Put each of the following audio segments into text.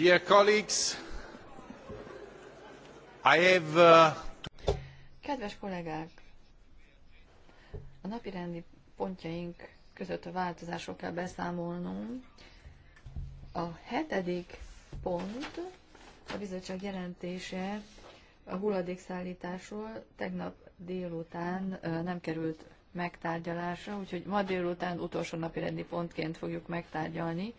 Dear colleagues, I have... Uh, Kedves kollégák! A napirendi pontjaink között a változásról kell beszámolnom. A hetedik pont a bizottság jelentése a hulladékszállításról tegnap délután nem került megtárgyalásra, úgyhogy ma délután utolsó napi rendi pontként fogjuk megtárgyalni.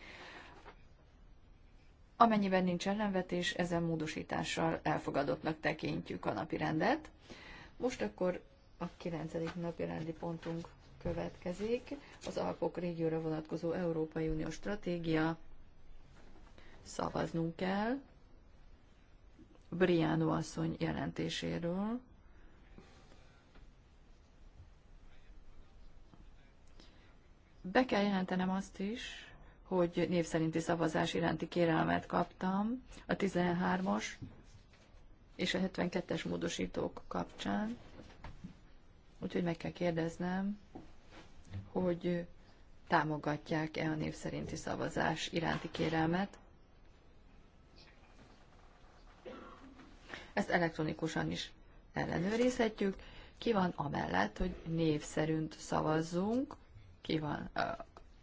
Amennyiben nincs ellenvetés, ezen módosítással elfogadottnak tekintjük a napi rendet. Most akkor a 9. napi rendi pontunk következik. Az Alpok régióra vonatkozó Európai Unió stratégia. Szavaznunk kell. Briánó asszony jelentéséről. Be kell jelentenem azt is, hogy név szerinti szavazás iránti kérelmet kaptam a 13-as és a 72-es módosítók kapcsán. Úgyhogy meg kell kérdeznem, hogy támogatják-e a név szerinti szavazás iránti kérelmet. Ezt elektronikusan is ellenőrizhetjük. Ki van amellett, hogy név szerint szavazzunk, ki van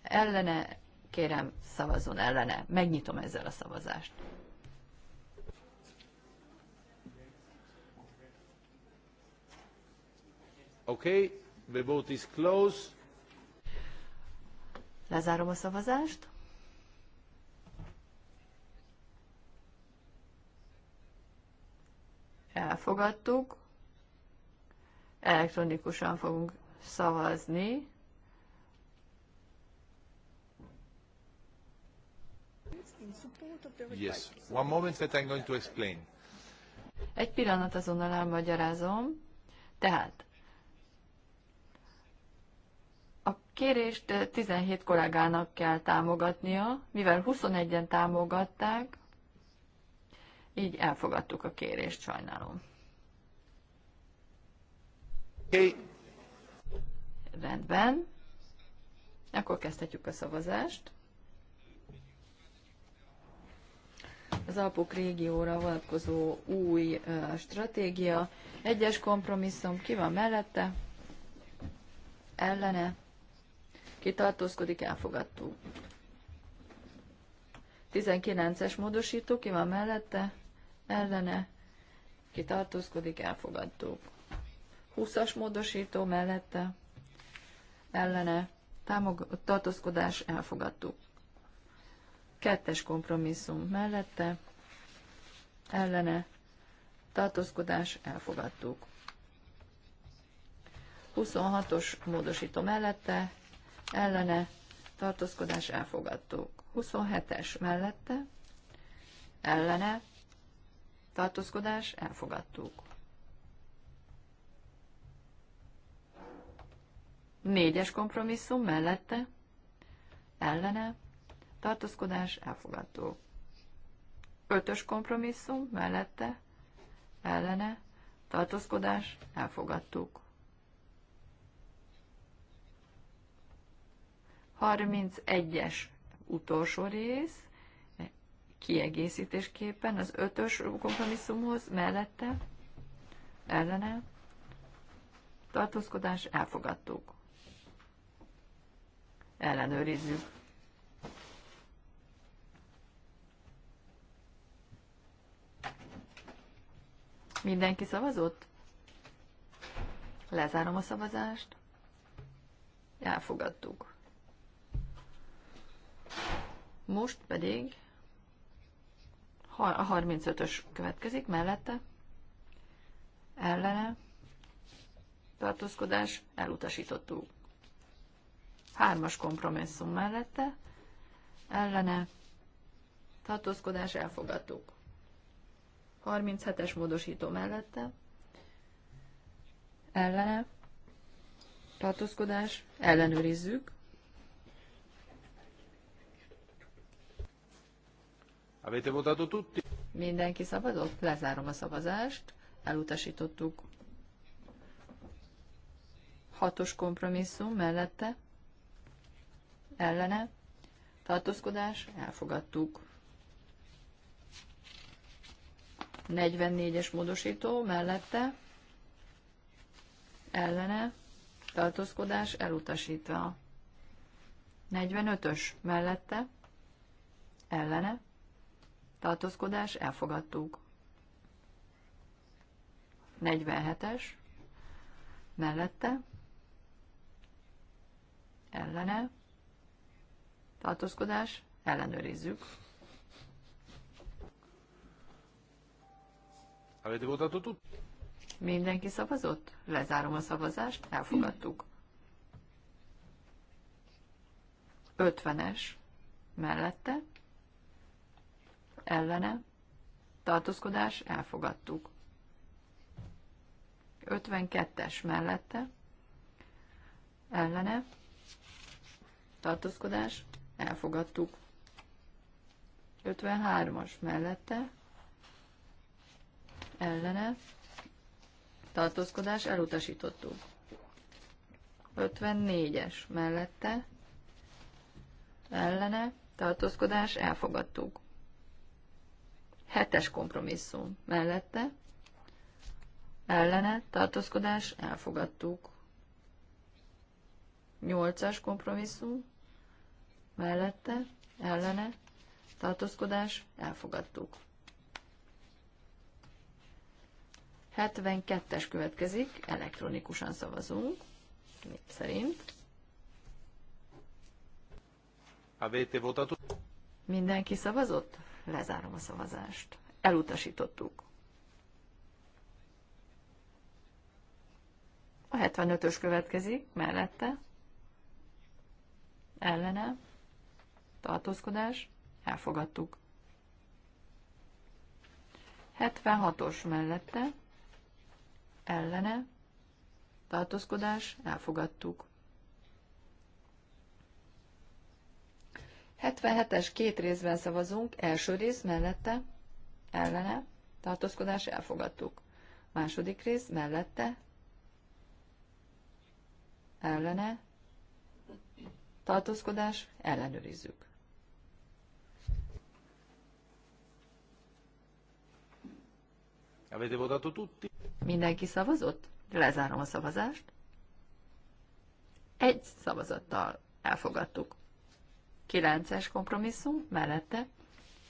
ellene, Kérem, szavazzon ellene. Megnyitom ezzel a szavazást. Okay, the vote is closed. Lezárom a szavazást. Elfogadtuk. Elektronikusan fogunk szavazni. Yes. One moment that I'm going to explain. Egy pillanat azonnal elmagyarázom. Tehát a kérést 17 eh, kollégának kell támogatnia, mivel 21-en támogatták, így elfogadtuk a kérést, sajnálom. Okay. Rendben. Akkor kezdhetjük a szavazást. az Alpok régióra vonatkozó új stratégia. Egyes kompromisszum ki van mellette, ellene, ki tartózkodik, Elfogadtó. 19-es módosító, ki van mellette, ellene, ki tartózkodik, Elfogadtó. 20-as módosító mellette, ellene, támog- tartózkodás, elfogadtuk. Kettes kompromisszum mellette, ellene, tartózkodás, elfogadtuk. 26-os módosító mellette, ellene, tartózkodás, elfogadtuk. 27-es mellette, ellene, tartózkodás, elfogadtuk. Négyes kompromisszum mellette, ellene, tartózkodás elfogadó. Ötös kompromisszum mellette, ellene, tartózkodás elfogadtuk. 31-es utolsó rész, kiegészítésképpen az ötös kompromisszumhoz mellette, ellene, tartózkodás elfogadtuk. Ellenőrizzük. Mindenki szavazott? Lezárom a szavazást. Elfogadtuk. Most pedig a 35-ös következik mellette. Ellene. Tartózkodás. Elutasítottuk. Hármas kompromisszum mellette. Ellene. Tartózkodás. Elfogadtuk. 37-es módosító mellette, ellene, tartózkodás, ellenőrizzük. Avete votato tutti? Mindenki szavazott, lezárom a szavazást, elutasítottuk. Hatos kompromisszum mellette, ellene, tartózkodás, elfogadtuk. 44-es módosító mellette ellene tartózkodás elutasítva. 45-ös mellette ellene tartózkodás elfogadtuk. 47-es mellette ellene tartózkodás ellenőrizzük. Avete votato tutti? Mindenki szavazott? Lezárom a szavazást, elfogadtuk. 50-es mellette, ellene, tartózkodás, elfogadtuk. 52-es mellette, ellene, tartózkodás, elfogadtuk. 53-as mellette, ellene, tartózkodás elutasítottuk. 54-es mellette, ellene, tartózkodás elfogadtuk. 7-es kompromisszum mellette, ellene, tartózkodás elfogadtuk. 8-as kompromisszum mellette, ellene, tartózkodás elfogadtuk. 72-es következik, elektronikusan szavazunk, nép szerint. Mindenki szavazott? Lezárom a szavazást. Elutasítottuk. A 75-ös következik, mellette. Ellene. Tartózkodás. Elfogadtuk. 76-os mellette ellene, tartózkodás, elfogadtuk. 77-es két részben szavazunk, első rész mellette, ellene, tartózkodás, elfogadtuk. Második rész mellette, ellene, tartózkodás, ellenőrizzük. Avete votato tutti? Mindenki szavazott? Lezárom a szavazást. Egy szavazattal elfogadtuk. Kilences kompromisszum, mellette,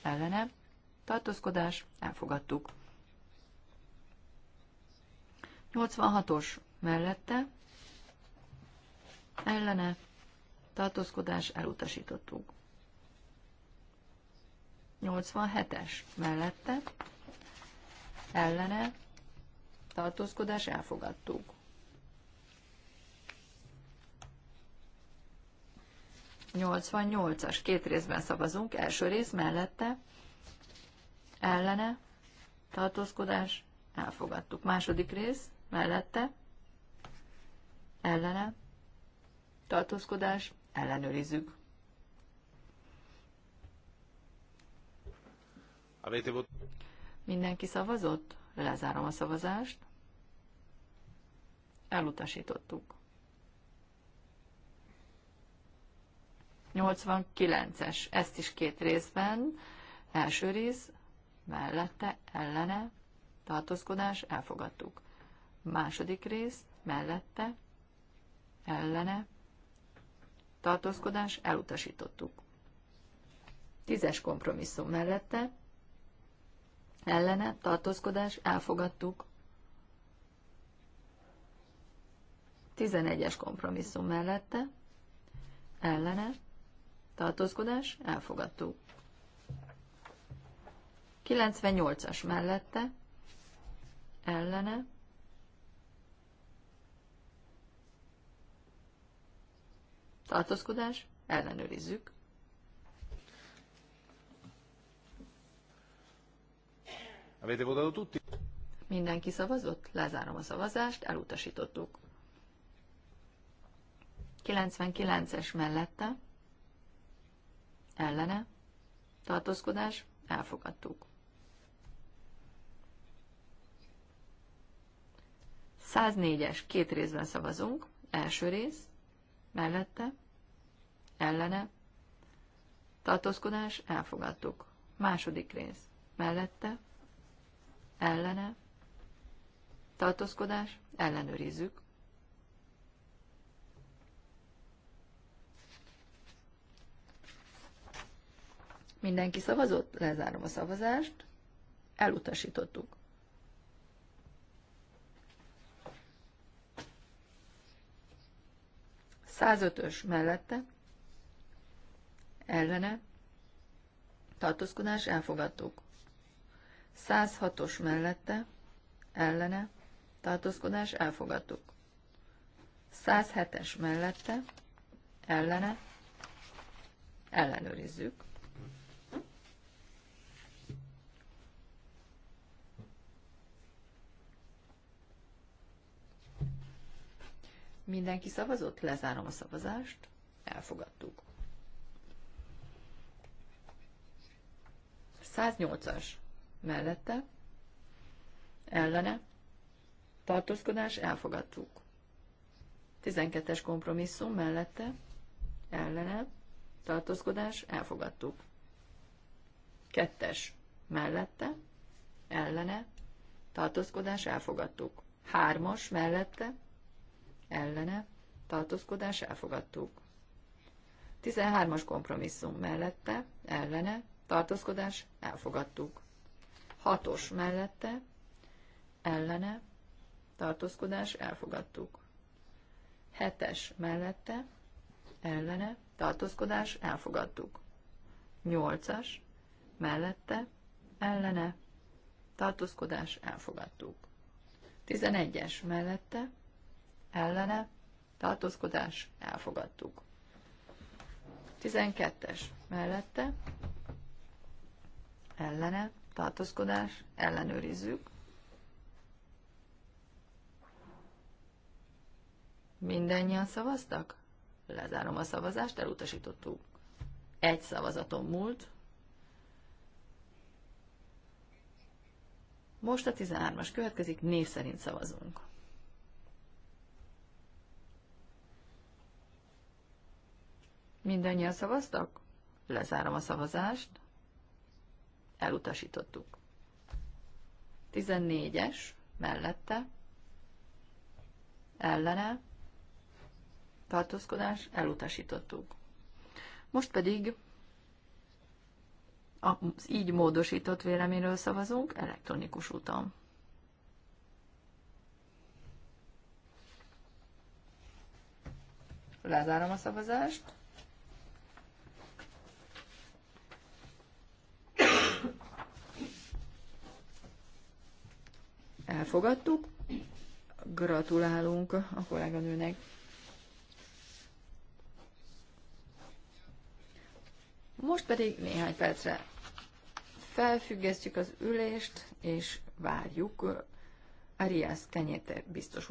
ellene, tartózkodás, elfogadtuk. 86-os mellette, ellene, tartózkodás, elutasítottuk. 87-es mellette, ellene tartózkodás elfogadtuk. as két részben szavazunk, első rész mellette, ellene, tartózkodás, elfogadtuk. Második rész mellette, ellene, tartózkodás, ellenőrizzük. Mindenki szavazott? Lezárom a szavazást. Elutasítottuk. 89-es, ezt is két részben. Első rész, mellette, ellene, tartózkodás, elfogadtuk. Második rész, mellette, ellene, tartózkodás, elutasítottuk. Tízes kompromisszum mellette, ellene, tartózkodás, elfogadtuk. 11-es kompromisszum mellette, ellene, tartózkodás, elfogadtuk. 98-as mellette, ellene, tartózkodás, ellenőrizzük. Avete votato tutti? Mindenki szavazott? Lezárom a szavazást, elutasítottuk. 99-es mellette, ellene, tartózkodás, elfogadtuk. 104-es, két részben szavazunk, első rész, mellette, ellene, tartózkodás, elfogadtuk. Második rész, mellette, ellene, tartózkodás, ellenőrizzük. Mindenki szavazott, lezárom a szavazást, elutasítottuk. Százötös mellette, ellene, tartózkodás, elfogadtuk. 106-os mellette, ellene, tartózkodás elfogadtuk. 107-es mellette, ellene, ellenőrizzük. Mindenki szavazott? Lezárom a szavazást. Elfogadtuk. 108-as mellette, ellene, tartózkodás, elfogadtuk. 12-es kompromisszum mellette, ellene, tartózkodás, elfogadtuk. 2-es mellette, ellene, tartózkodás, elfogadtuk. 3-as mellette, ellene, tartózkodás, elfogadtuk. 13-as kompromisszum mellette, ellene, tartózkodás, elfogadtuk hatos mellette, ellene, tartózkodás, elfogadtuk. Hetes mellette, ellene, tartózkodás, elfogadtuk. Nyolcas, mellette, ellene, tartózkodás, elfogadtuk. Tizenegyes mellette, ellene, tartózkodás, elfogadtuk. Tizenkettes mellette, ellene, tartózkodás, ellenőrizzük. Mindennyian szavaztak? Lezárom a szavazást, elutasítottuk. Egy szavazaton múlt. Most a 13-as következik, név szerint szavazunk. Mindennyian szavaztak? Lezárom a szavazást elutasítottuk. 14-es mellette ellene tartózkodás elutasítottuk. Most pedig az így módosított véleményről szavazunk elektronikus úton. Lezárom a szavazást. elfogadtuk. Gratulálunk a kolléganőnek. Most pedig néhány percre felfüggesztjük az ülést, és várjuk Arias Kenyete biztos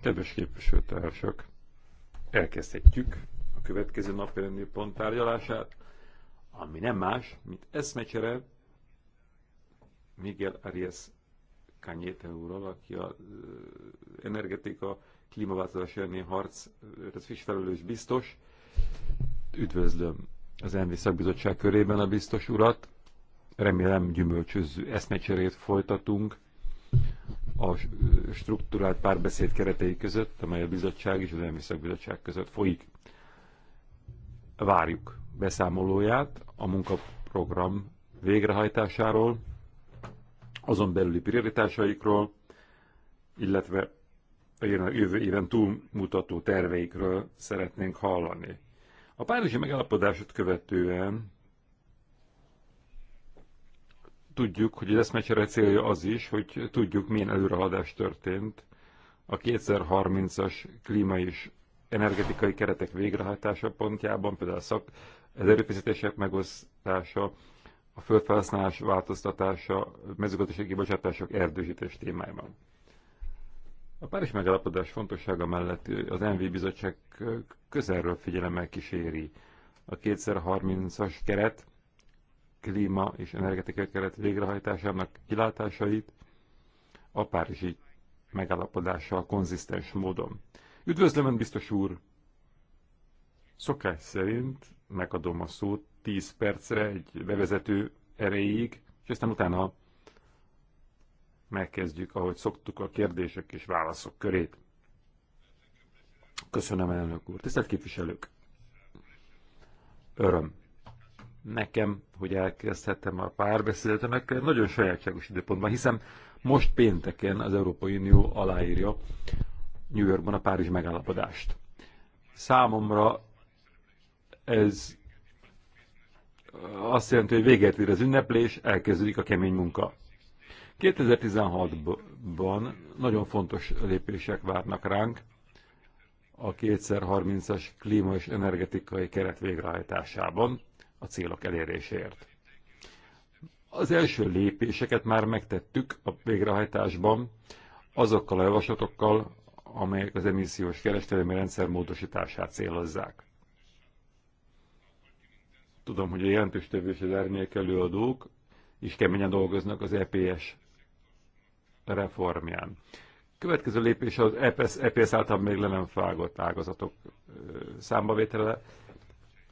Kedves képviselőtársak, elkezdhetjük a következő napi pont tárgyalását, ami nem más, mint eszmecsere Miguel Arias Kanyete úrral, aki a energetika, klímaváltozás elleni harc, is felelős biztos. Üdvözlöm az ENVI szakbizottság körében a biztos urat. Remélem gyümölcsöző eszmecserét folytatunk a struktúrált párbeszéd keretei között, amely a bizottság és az Elmiszak Bizottság között folyik. Várjuk beszámolóját a munkaprogram végrehajtásáról, azon belüli prioritásaikról, illetve a jövő éven túlmutató terveikről szeretnénk hallani. A párizsi megállapodásot követően tudjuk, hogy az eszmecsere célja az is, hogy tudjuk, milyen előrehaladás történt a 2030-as klíma és energetikai keretek végrehajtása pontjában, például szak, az erőfeszítések megosztása, a földfelhasználás változtatása, mezőgazdasági bocsátások erdősítés témájában. A Párizs megállapodás fontossága mellett az NV bizottság közelről figyelemmel kíséri a 2030-as keret klíma és energetikai keret végrehajtásának kilátásait a párizsi megállapodással konzisztens módon. Üdvözlöm, ön, biztos úr! Szokás szerint megadom a szót 10 percre egy bevezető erejéig, és aztán utána megkezdjük, ahogy szoktuk, a kérdések és válaszok körét. Köszönöm, elnök úr. Tisztelt képviselők! Öröm, nekem, hogy elkezdhetem a párbeszédet önökkel, nagyon sajátságos időpontban, hiszen most pénteken az Európai Unió aláírja New Yorkban a Párizs megállapodást. Számomra ez azt jelenti, hogy véget ér az ünneplés, elkezdődik a kemény munka. 2016-ban nagyon fontos lépések várnak ránk a 2030-as klíma és energetikai keret végrehajtásában a célok eléréséért. Az első lépéseket már megtettük a végrehajtásban azokkal a javaslatokkal, amelyek az emissziós kereskedelmi rendszer módosítását célozzák. Tudom, hogy a jelentős tevős az előadók is keményen dolgoznak az EPS reformján. Következő lépés az EPS, EPS által még le nem fágott ágazatok számbavétele.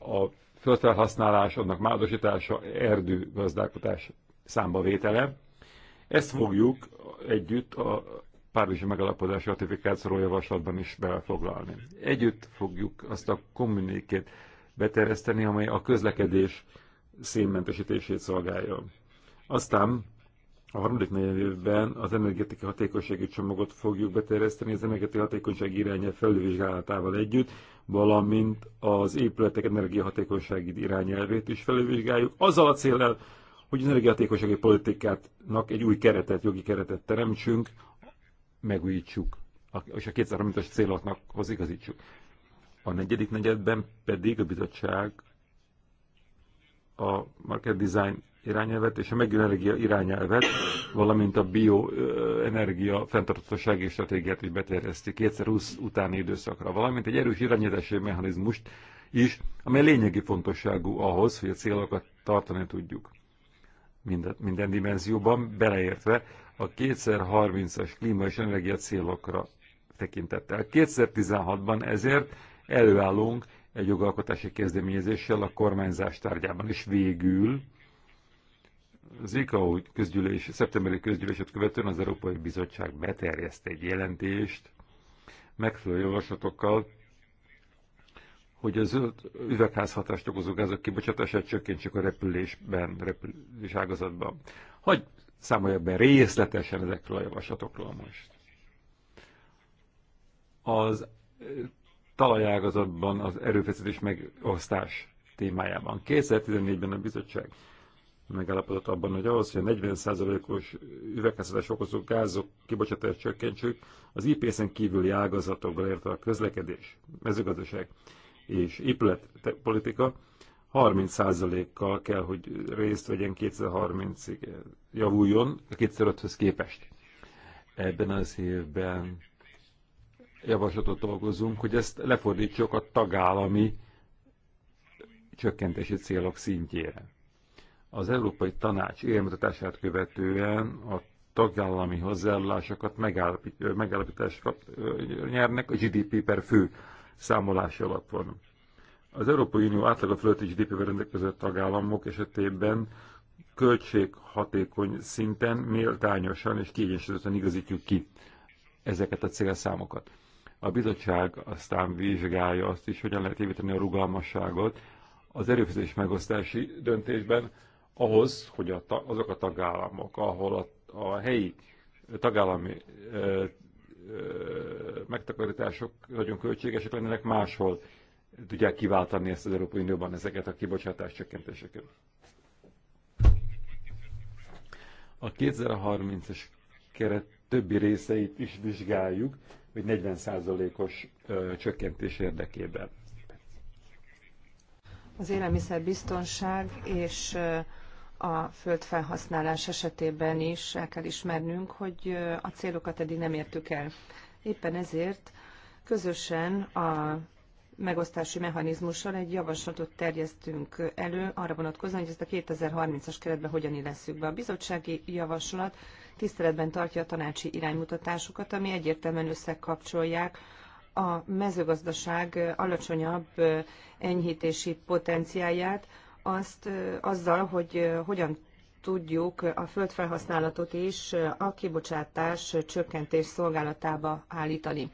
A földfelhasználás, annak módosítása, erdő gazdálkodás számba vétele. Ezt fogjuk együtt a Párizsi megalapodás ratifikációról javaslatban is belefoglalni. Együtt fogjuk azt a kommunikét beterjeszteni, amely a közlekedés szénmentesítését szolgálja. Aztán a harmadik negyedévben az energetika hatékonysági csomagot fogjuk beterjeszteni az energetika hatékonyság irányel felülvizsgálatával együtt, valamint az épületek energiahatékonysági irányelvét is felülvizsgáljuk, azzal a célral, hogy az energiahatékonysági politikátnak egy új keretet, jogi keretet teremtsünk, megújítsuk, és a 2030-as céloknak igazítsuk. A negyedik negyedben pedig a bizottság a market design irányelvet és a megenergia irányelvet, valamint a bioenergia fenntarthatósági stratégiát is beterjeszti 2020 utáni időszakra, valamint egy erős irányítási mechanizmust is, amely lényegi fontosságú ahhoz, hogy a célokat tartani tudjuk minden, minden dimenzióban, beleértve a 2030-as klíma és energia célokra tekintettel. 2016-ban ezért előállunk egy jogalkotási kezdeményezéssel a kormányzás tárgyában. És végül az IKAO közgyűlés, szeptemberi közgyűlését követően az Európai Bizottság beterjeszt egy jelentést megfelelő javaslatokkal, hogy az üvegházhatást okozó gázok kibocsátását csökkentsék a repülésben, repülés ágazatban. Hogy számolja be részletesen ezekről a javaslatokról most. Az talajágazatban az erőfeszítés megosztás témájában. 2014-ben a bizottság megállapodott abban, hogy ahhoz, hogy a 40%-os üvegházhatás okozó gázok kibocsátást csökkentsük, az IPS-en kívüli ágazatokba értve a közlekedés, mezőgazdaság és épületpolitika 30%-kal kell, hogy részt vegyen 2030-ig javuljon a 2005-höz képest. Ebben az évben javaslatot dolgozunk, hogy ezt lefordítsuk a tagállami csökkentési célok szintjére. Az Európai Tanács élmutatását követően a tagállami hozzáállásokat megállapításokat nyernek a GDP per fő számolás alapon. Az Európai Unió a fölötti GDP-vel rendelkező tagállamok esetében költséghatékony szinten méltányosan és kiegyensúlyozottan igazítjuk ki ezeket a célszámokat. A bizottság aztán vizsgálja azt is, hogyan lehet évíteni a rugalmasságot az erőfeszítés megosztási döntésben ahhoz, hogy a, azok a tagállamok, ahol a, a helyi tagállami ö, ö, megtakarítások nagyon költségesek lennének, máshol tudják kiváltani ezt az Európai Unióban ezeket a kibocsátás csökkentéseket. A 2030-es keret többi részeit is vizsgáljuk, hogy 40%-os csökkentés érdekében. Az élelmiszerbiztonság és a földfelhasználás esetében is el kell ismernünk, hogy a célokat eddig nem értük el. Éppen ezért közösen a megosztási mechanizmussal egy javaslatot terjesztünk elő arra vonatkozóan, hogy ezt a 2030-as keretben hogyan illeszünk be. A bizottsági javaslat tiszteletben tartja a tanácsi iránymutatásokat, ami egyértelműen összekapcsolják a mezőgazdaság alacsonyabb enyhítési potenciáját, azt azzal, hogy hogyan tudjuk a földfelhasználatot is a kibocsátás csökkentés szolgálatába állítani.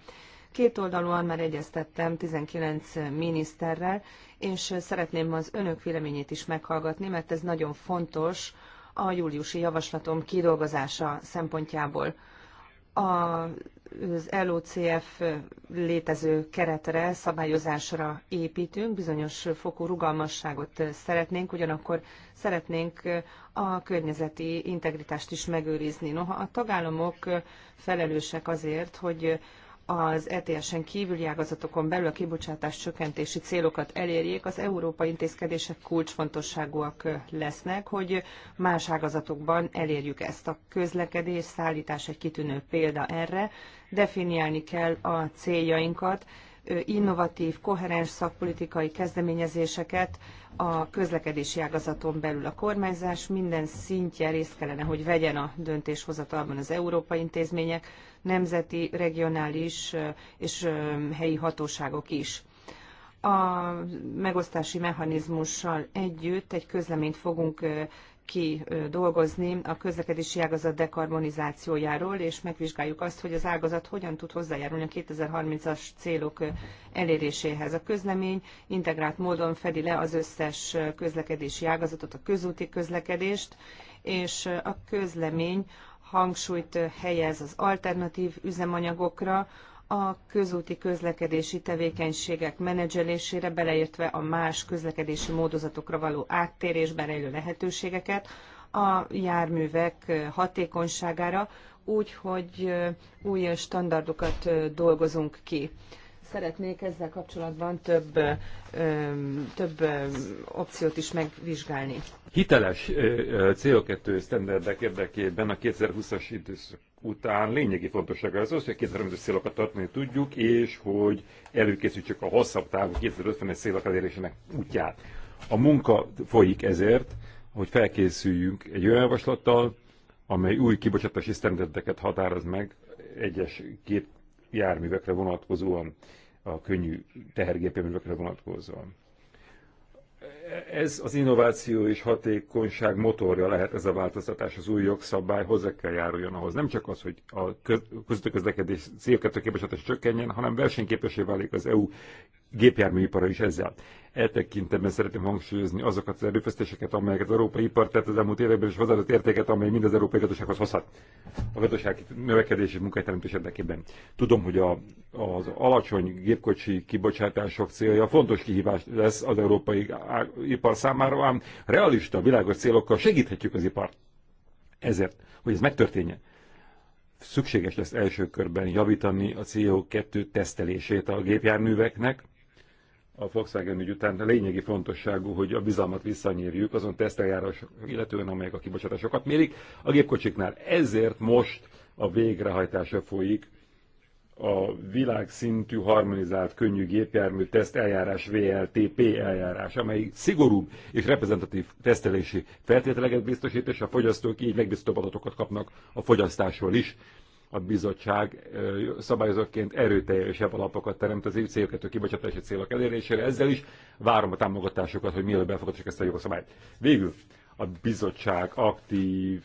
Két oldalúan már egyeztettem 19 miniszterrel, és szeretném az önök véleményét is meghallgatni, mert ez nagyon fontos a júliusi javaslatom kidolgozása szempontjából. Az LOCF létező keretre, szabályozásra építünk, bizonyos fokú rugalmasságot szeretnénk, ugyanakkor szeretnénk a környezeti integritást is megőrizni. Noha a tagállamok felelősek azért, hogy az ETS-en kívüli ágazatokon belül a kibocsátás csökkentési célokat elérjék, az Európa intézkedések kulcsfontosságúak lesznek, hogy más ágazatokban elérjük ezt. A közlekedés, szállítás egy kitűnő példa erre. Definiálni kell a céljainkat, innovatív, koherens szakpolitikai kezdeményezéseket a közlekedési ágazaton belül a kormányzás minden szintje részt kellene, hogy vegyen a döntéshozatalban az európai intézmények, nemzeti, regionális és helyi hatóságok is. A megosztási mechanizmussal együtt egy közleményt fogunk ki dolgozni a közlekedési ágazat dekarbonizációjáról, és megvizsgáljuk azt, hogy az ágazat hogyan tud hozzájárulni a 2030-as célok eléréséhez. A közlemény integrált módon fedi le az összes közlekedési ágazatot, a közúti közlekedést, és a közlemény hangsúlyt helyez az alternatív üzemanyagokra, a közúti közlekedési tevékenységek menedzselésére, beleértve a más közlekedési módozatokra való áttérésben élő lehetőségeket, a járművek hatékonyságára, úgy, hogy új standardokat dolgozunk ki szeretnék ezzel kapcsolatban több, több opciót is megvizsgálni. Hiteles CO2 sztenderdek érdekében a 2020-as időszak után lényegi fontossága az az, hogy a 2030-as célokat tartani tudjuk, és hogy előkészítsük a hosszabb távú 2050-es célok elérésének útját. A munka folyik ezért, hogy felkészüljünk egy olyan javaslattal, amely új kibocsátási sztenderdeket határoz meg egyes két járművekre vonatkozóan a könnyű tehergépjárművekre vonatkozóan. Ez az innováció és hatékonyság motorja lehet ez a változtatás, az új jogszabály hozzá kell járuljon ahhoz. Nem csak az, hogy a közötti közlekedés CO2 képesítés csökkenjen, hanem versenyképesé válik az EU gépjárműipara is ezzel. E tekintetben szeretném hangsúlyozni azokat az erőfeszítéseket, amelyeket az európai ipar tett az elmúlt években, és hozzáadott értéket, amely mind az európai gazdasághoz hozhat a gazdaság növekedés és munkahelyteremtés érdekében. Tudom, hogy a, az alacsony gépkocsi kibocsátások célja fontos kihívás lesz az európai ipar számára, ám realista, világos célokkal segíthetjük az ipart. Ezért, hogy ez megtörténjen, szükséges lesz első körben javítani a CO2 tesztelését a gépjárműveknek, a Volkswagen ügy után lényegi fontosságú, hogy a bizalmat visszanyírjuk azon teszteljárás, illetően amelyek a kibocsátásokat mérik a gépkocsiknál. Ezért most a végrehajtása folyik a világszintű harmonizált könnyű gépjármű teszt eljárás VLTP eljárás, amely szigorúbb és reprezentatív tesztelési feltételeket biztosít, és a fogyasztók így megbízhatóbb adatokat kapnak a fogyasztásról is, a bizottság szabályozóként erőteljesebb alapokat teremt az CO2 kibocsátási célok elérésére. Ezzel is várom a támogatásokat, hogy mielőbb elfogadjuk ezt a jogszabályt. Végül a bizottság aktív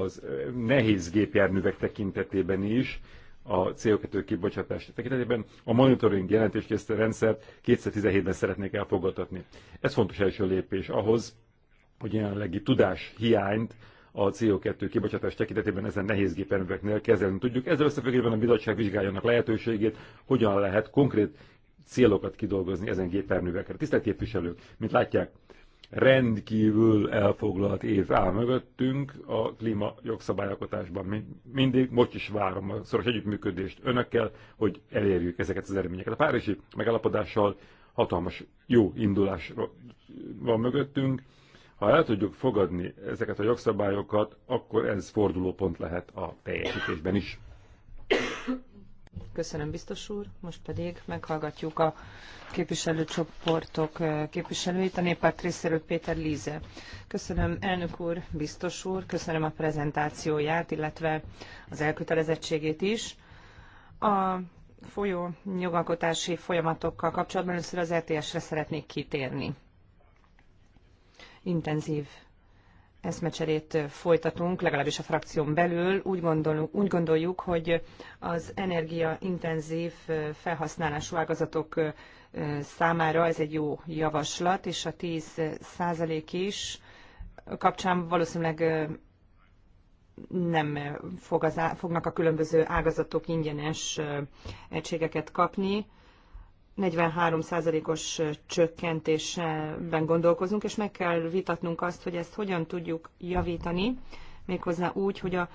az nehéz gépjárművek tekintetében is, a CO2 kibocsátás tekintetében a monitoring jelentéskészítő rendszert 2017-ben szeretnék elfogadtatni. Ez fontos első lépés ahhoz, hogy jelenlegi tudás hiányt a CO2 kibocsátás tekintetében ezen nehéz gépjárműveknél kezelni tudjuk. Ezzel összefüggésben a bizottság vizsgálja lehetőségét, hogyan lehet konkrét célokat kidolgozni ezen gépjárművekre. Tisztelt képviselők, mint látják, rendkívül elfoglalt év áll mögöttünk a klíma jogszabályalkotásban. Mindig most is várom a szoros együttműködést önökkel, hogy elérjük ezeket az eredményeket. A párizsi megállapodással hatalmas jó indulás van mögöttünk, ha el tudjuk fogadni ezeket a jogszabályokat, akkor ez fordulópont lehet a teljesítésben is. Köszönöm, biztos úr. Most pedig meghallgatjuk a képviselőcsoportok eh, képviselőit, a néppárt részéről Péter Líze. Köszönöm, elnök úr, biztos úr, köszönöm a prezentációját, illetve az elkötelezettségét is. A folyó nyugalkotási folyamatokkal kapcsolatban először az RTS-re e szeretnék kitérni intenzív eszmecserét folytatunk, legalábbis a frakción belül. Úgy, gondolunk, úgy gondoljuk, hogy az energiaintenzív felhasználású ágazatok számára ez egy jó javaslat, és a 10 százalék is kapcsán valószínűleg nem fog az, fognak a különböző ágazatok ingyenes egységeket kapni. 43%-os csökkentésben gondolkozunk, és meg kell vitatnunk azt, hogy ezt hogyan tudjuk javítani, méghozzá úgy, hogy a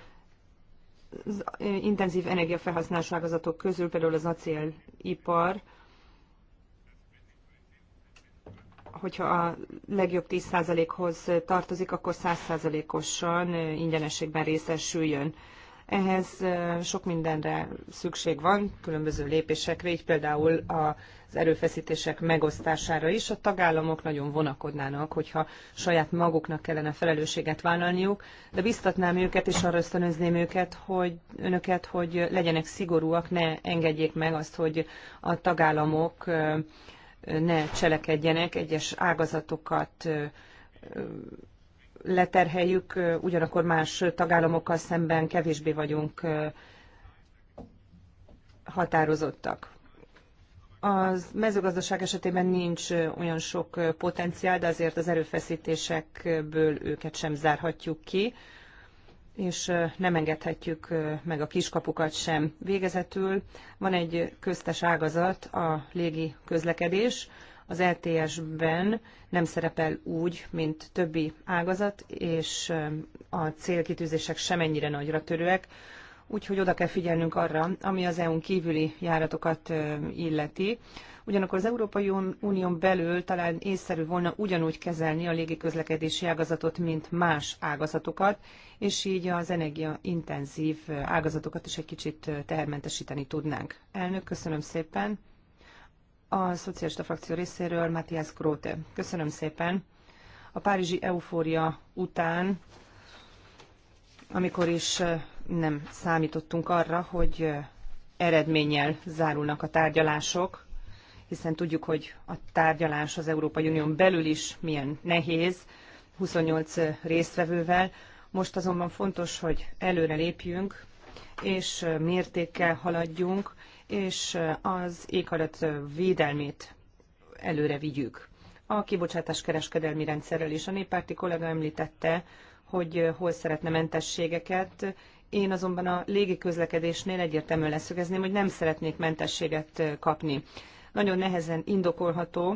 az intenzív energiafelhasználású ágazatok közül például az acélipar, hogyha a legjobb 10%-hoz tartozik, akkor 100%-osan ingyenességben részesüljön. Ehhez sok mindenre szükség van, különböző lépésekre, így például az erőfeszítések megosztására is. A tagállamok nagyon vonakodnának, hogyha saját maguknak kellene felelősséget vállalniuk, de biztatnám őket és arra ösztönözném őket, hogy önöket, hogy legyenek szigorúak, ne engedjék meg azt, hogy a tagállamok ne cselekedjenek, egyes ágazatokat leterheljük, ugyanakkor más tagállamokkal szemben kevésbé vagyunk határozottak. A mezőgazdaság esetében nincs olyan sok potenciál, de azért az erőfeszítésekből őket sem zárhatjuk ki, és nem engedhetjük meg a kiskapukat sem. Végezetül van egy köztes ágazat, a légi közlekedés, az LTS-ben e nem szerepel úgy, mint többi ágazat, és a célkitűzések sem ennyire nagyra törőek, úgyhogy oda kell figyelnünk arra, ami az EU-n kívüli járatokat illeti. Ugyanakkor az Európai Unión belül talán észszerű volna ugyanúgy kezelni a légiközlekedési ágazatot, mint más ágazatokat, és így az energiaintenzív ágazatokat is egy kicsit tehermentesíteni tudnánk. Elnök, köszönöm szépen! a szocialista frakció részéről Matthias Gróte. Köszönöm szépen. A párizsi eufória után, amikor is nem számítottunk arra, hogy eredménnyel zárulnak a tárgyalások, hiszen tudjuk, hogy a tárgyalás az Európai Unión belül is milyen nehéz, 28 résztvevővel. Most azonban fontos, hogy előre lépjünk, és mértékkel haladjunk, és az éghajlat védelmét előre vigyük. A kibocsátás kereskedelmi rendszerrel is a néppárti kollega említette, hogy hol szeretne mentességeket. Én azonban a légi közlekedésnél egyértelműen leszögezném, hogy nem szeretnék mentességet kapni. Nagyon nehezen indokolható,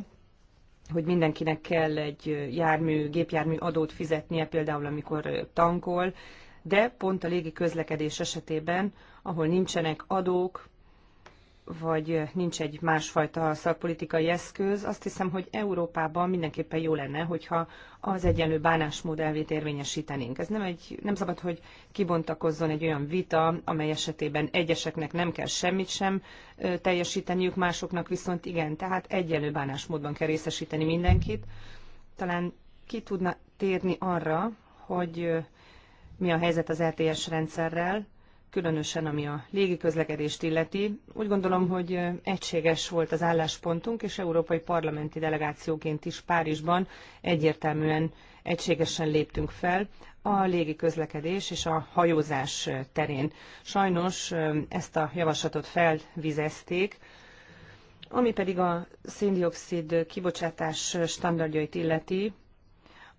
hogy mindenkinek kell egy jármű, gépjármű adót fizetnie, például amikor tankol, de pont a légi közlekedés esetében, ahol nincsenek adók, vagy nincs egy másfajta szakpolitikai eszköz, azt hiszem, hogy Európában mindenképpen jó lenne, hogyha az egyenlő bánásmód elvét érvényesítenénk. Ez nem, egy, nem szabad, hogy kibontakozzon egy olyan vita, amely esetében egyeseknek nem kell semmit sem teljesíteniük, másoknak viszont igen. Tehát egyenlő bánásmódban kell részesíteni mindenkit. Talán ki tudna térni arra, hogy mi a helyzet az RTS e rendszerrel, különösen ami a légiközlekedést illeti. Úgy gondolom, hogy egységes volt az álláspontunk, és európai parlamenti delegációként is Párizsban egyértelműen egységesen léptünk fel a légiközlekedés és a hajózás terén. Sajnos ezt a javaslatot felvizezték, ami pedig a széndiokszid kibocsátás standardjait illeti,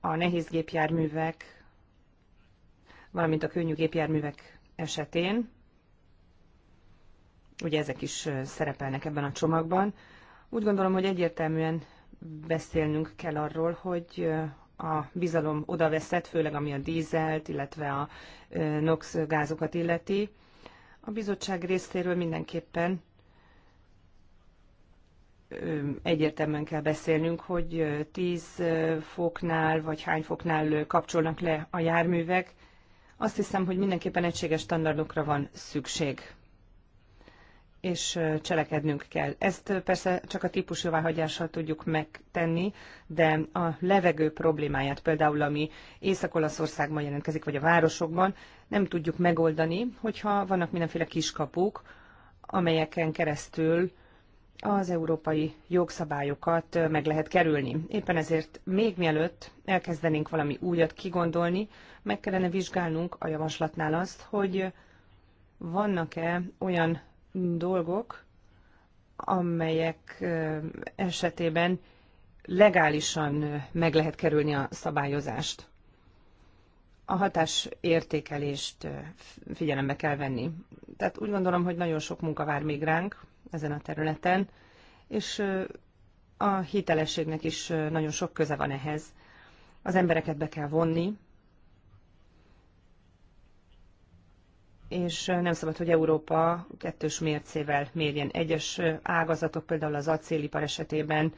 a nehéz gépjárművek, valamint a könnyű gépjárművek esetén, ugye ezek is szerepelnek ebben a csomagban, úgy gondolom, hogy egyértelműen beszélnünk kell arról, hogy a bizalom odaveszett, főleg ami a dízelt, illetve a NOx gázokat illeti. A bizottság részéről mindenképpen egyértelműen kell beszélnünk, hogy 10 foknál vagy hány foknál kapcsolnak le a járművek, azt hiszem, hogy mindenképpen egységes standardokra van szükség és cselekednünk kell. Ezt persze csak a típus jóváhagyással tudjuk megtenni, de a levegő problémáját például, ami Észak-Olaszországban jelentkezik, vagy a városokban, nem tudjuk megoldani, hogyha vannak mindenféle kiskapuk, amelyeken keresztül az európai jogszabályokat meg lehet kerülni. Éppen ezért még mielőtt elkezdenénk valami újat kigondolni, meg kellene vizsgálnunk a javaslatnál azt, hogy vannak-e olyan dolgok, amelyek esetében legálisan meg lehet kerülni a szabályozást. A hatás értékelést figyelembe kell venni. Tehát úgy gondolom, hogy nagyon sok munka vár még ránk ezen a területen, és a hitelességnek is nagyon sok köze van ehhez. Az embereket be kell vonni, és nem szabad, hogy Európa kettős mércével mérjen. Egyes ágazatok, például az acélipar esetében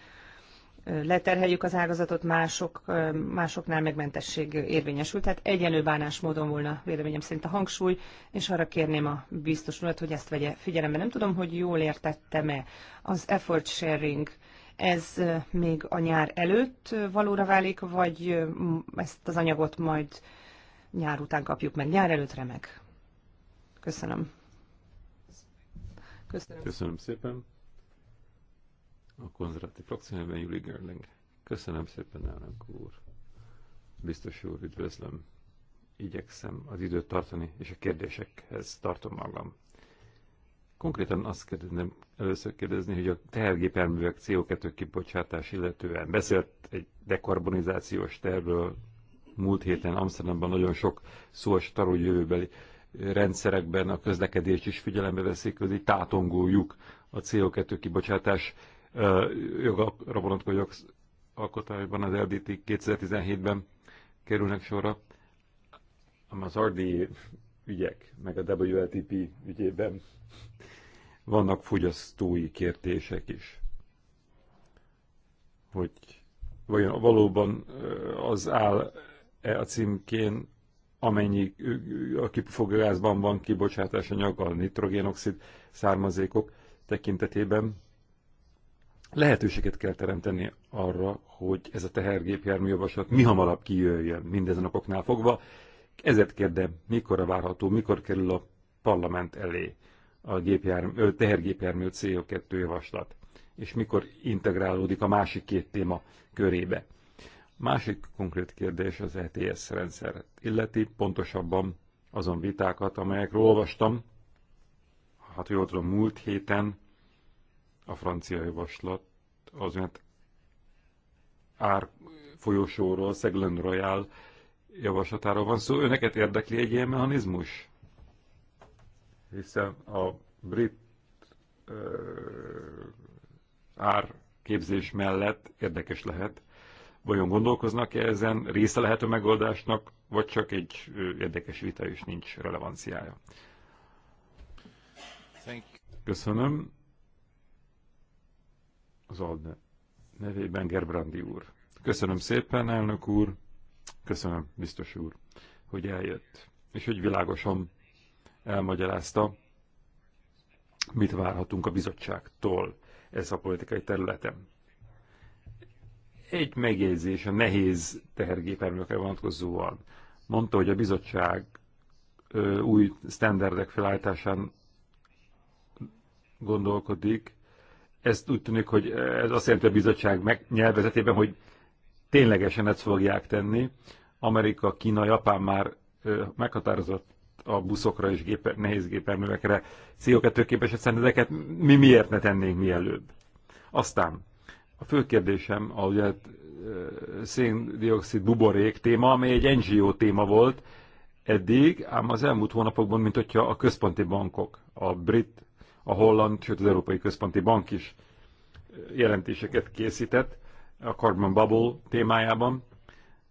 leterheljük az ágazatot, mások, másoknál megmentesség érvényesül. Tehát egyenlő bánásmódon volna véleményem szerint a hangsúly, és arra kérném a biztos urat, hogy ezt vegye figyelembe. Nem tudom, hogy jól értettem-e az effort sharing ez még a nyár előtt valóra válik, vagy ezt az anyagot majd nyár után kapjuk meg? Nyár előtt remek. Köszönöm. Köszönöm. Köszönöm szépen. A konzervatív frakcióban Juli Gerling. Köszönöm szépen, elnök úr. Biztos úr, üdvözlöm. Igyekszem az időt tartani, és a kérdésekhez tartom magam. Konkrétan azt kérdezném először kérdezni, hogy a tehergépjárművek CO2 kibocsátás illetően beszélt egy dekarbonizációs tervről múlt héten Amsterdamban nagyon sok szó esett arról, hogy jövőbeli rendszerekben a közlekedést is figyelembe veszik, hogy egy tátongó lyuk a CO2 kibocsátás jogra vonatkozó jogalkotásban az LDT 2017-ben kerülnek sorra, az RD ügyek, meg a WLTP ügyében vannak fogyasztói kértések is. Hogy vajon valóban az áll -e a címkén, amennyi a kifogásban van kibocsátás anyag, a nitrogénoxid származékok tekintetében lehetőséget kell teremteni arra, hogy ez a tehergépjármű javaslat mi hamarabb kijöjjön mindezen okoknál fogva. Ezért kérdem, mikor a várható, mikor kerül a parlament elé a gépjármű, tehergépjármű CO2 javaslat, és mikor integrálódik a másik két téma körébe. Másik konkrét kérdés az ETS rendszer, illeti pontosabban azon vitákat, amelyekről olvastam, hát jól tudom, múlt héten a francia javaslat az mert ár folyosóról, Szeglen Royal javaslatáról van szó. Önöket érdekli egy ilyen mechanizmus? Hiszen a brit ö, árképzés mellett érdekes lehet Vajon gondolkoznak-e ezen része lehető megoldásnak, vagy csak egy érdekes vita és nincs relevanciája? Köszönöm. Az Alde nevében Gerbrandi úr. Köszönöm szépen, elnök úr. Köszönöm, biztos úr, hogy eljött, és hogy világosan elmagyarázta, mit várhatunk a bizottságtól ez a politikai területen. Egy megjegyzés a nehéz tehergépjárművekre vonatkozóan. Mondta, hogy a bizottság ö, új sztenderdek felállításán gondolkodik. Ezt úgy tűnik, hogy ez azt jelenti a bizottság meg, nyelvezetében, hogy ténylegesen ezt fogják tenni. Amerika, Kína, Japán már ö, meghatározott a buszokra és gépe, nehéz gépjárművekre CO2 képes, ezeket mi miért ne tennénk mielőbb. Aztán a fő kérdésem a ugye, hát, széndiokszid buborék téma, ami egy NGO téma volt eddig, ám az elmúlt hónapokban, mint hogyha a központi bankok, a brit, a holland, sőt az Európai Központi Bank is jelentéseket készített a Carbon Bubble témájában.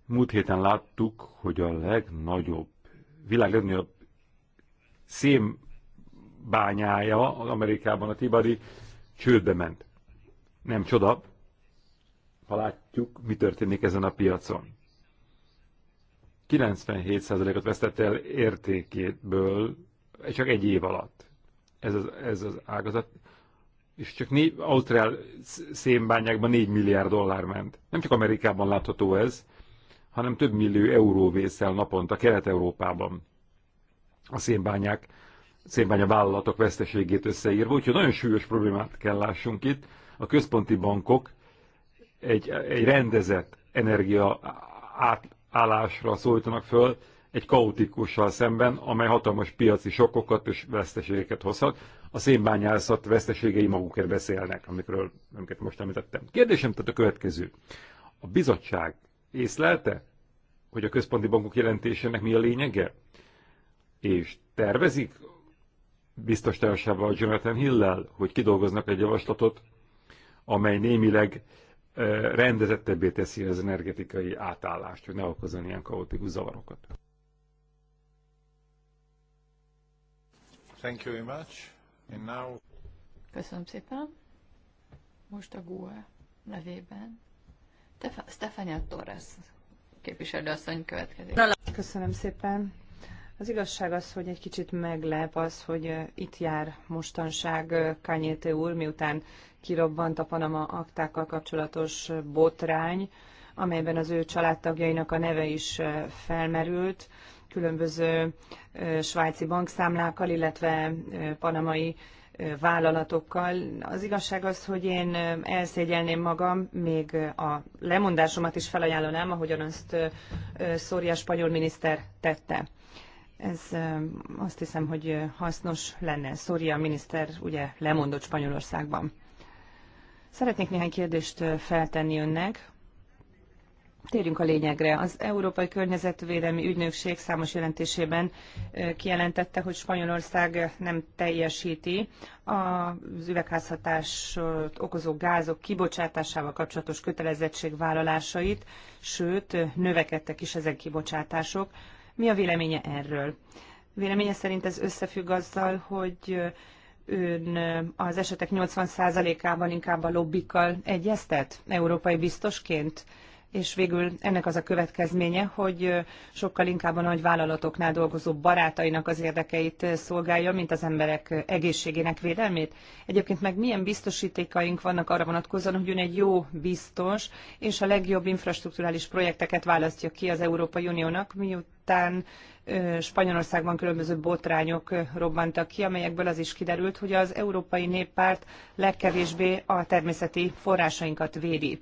Múlt héten láttuk, hogy a legnagyobb, világ legnagyobb szénbányája az Amerikában, a Tibadi, csődbe ment. Nem csoda, ha látjuk, mi történik ezen a piacon. 97%-ot vesztett el értékétből csak egy év alatt. Ez az, ez az ágazat. És csak né, Ausztrál szénbányákban 4 milliárd dollár ment. Nem csak Amerikában látható ez, hanem több millió euró vészel naponta Kelet-Európában a szénbányák, szénbánya vállalatok veszteségét összeírva. Úgyhogy nagyon súlyos problémát kell lássunk itt. A központi bankok egy, egy rendezett energia átállásra szólítanak föl, egy kaotikussal szemben, amely hatalmas piaci sokokat és veszteségeket hozhat. A szénbányászat veszteségei magukért beszélnek, amikről amiket most említettem. Kérdésem tehát a következő. A bizottság észlelte, hogy a központi bankok jelentésének mi a lényege? És tervezik biztos társával Jonathan Hillel, hogy kidolgoznak egy javaslatot, amely némileg rendezettebbé teszi az energetikai átállást, hogy ne okozzon ilyen kaotikus zavarokat. Thank you very much. And now... Köszönöm szépen. Most a GUE nevében Stefania Torres képviselőasszony következik. Köszönöm szépen. Az igazság az, hogy egy kicsit meglep az, hogy itt jár mostanság Kányéte úr, miután kirobbant a Panama aktákkal kapcsolatos botrány, amelyben az ő családtagjainak a neve is felmerült, különböző svájci bankszámlákkal, illetve panamai vállalatokkal. Az igazság az, hogy én elszégyelném magam, még a lemondásomat is felajánlanám, ahogyan azt Szória spanyol miniszter tette. Ez azt hiszem, hogy hasznos lenne. Szória a miniszter ugye lemondott Spanyolországban. Szeretnék néhány kérdést feltenni önnek. Térjünk a lényegre. Az Európai Környezetvédelmi Ügynökség számos jelentésében kijelentette, hogy Spanyolország nem teljesíti az üvegházhatást okozó gázok kibocsátásával kapcsolatos kötelezettség vállalásait, sőt, növekedtek is ezen kibocsátások mi a véleménye erről? Véleménye szerint ez összefügg azzal, hogy ön az esetek 80%-ában inkább a lobbikkal egyeztet, európai biztosként? és végül ennek az a következménye, hogy sokkal inkább a nagy vállalatoknál dolgozó barátainak az érdekeit szolgálja, mint az emberek egészségének védelmét. Egyébként meg milyen biztosítékaink vannak arra vonatkozóan, hogy ön egy jó biztos, és a legjobb infrastruktúrális projekteket választja ki az Európai Uniónak, miután Spanyolországban különböző botrányok robbantak ki, amelyekből az is kiderült, hogy az Európai Néppárt legkevésbé a természeti forrásainkat védi.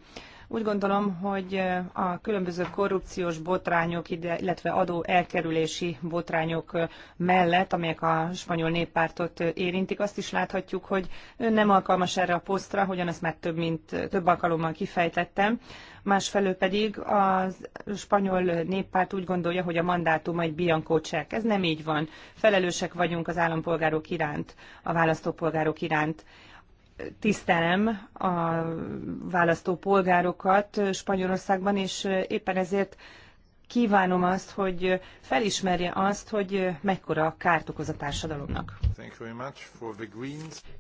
Úgy gondolom, hogy a különböző korrupciós botrányok, illetve adó elkerülési botrányok mellett, amelyek a spanyol néppártot érintik, azt is láthatjuk, hogy ön nem alkalmas erre a posztra, hogyan ezt már több, mint, több alkalommal kifejtettem. Másfelől pedig a spanyol néppárt úgy gondolja, hogy a mandátum egy bianco Ez nem így van. Felelősek vagyunk az állampolgárok iránt, a választópolgárok iránt tisztelem a választó polgárokat Spanyolországban, és éppen ezért kívánom azt, hogy felismerje azt, hogy mekkora kárt okoz a társadalomnak.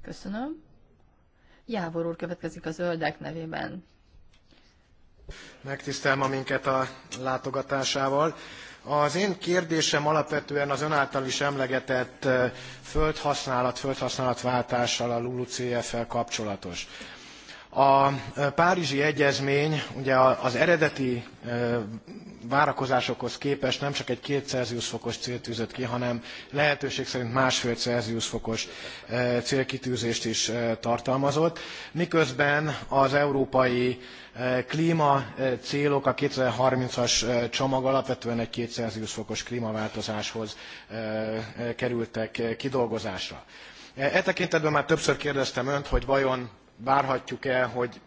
Köszönöm. Jávor úr következik a zöldek nevében. Megtisztel minket a látogatásával. Az én kérdésem alapvetően az ön által is emlegetett eh, földhasználat, földhasználatváltással a LULUCF-fel kapcsolatos. A e, Párizsi Egyezmény ugye az eredeti e, várakozásokhoz képest nem csak egy 2 Celsius fokos célt tűzött ki, hanem lehetőség szerint másfél Celsius fokos e, célkitűzést is tartalmazott, miközben az európai klíma célok a 2030-as csomag alapvetően egy 2 Celsius fokos klímaváltozáshoz kerültek kidolgozásra. E tekintetben már többször kérdeztem önt, hogy vajon várhatjuk el, hogy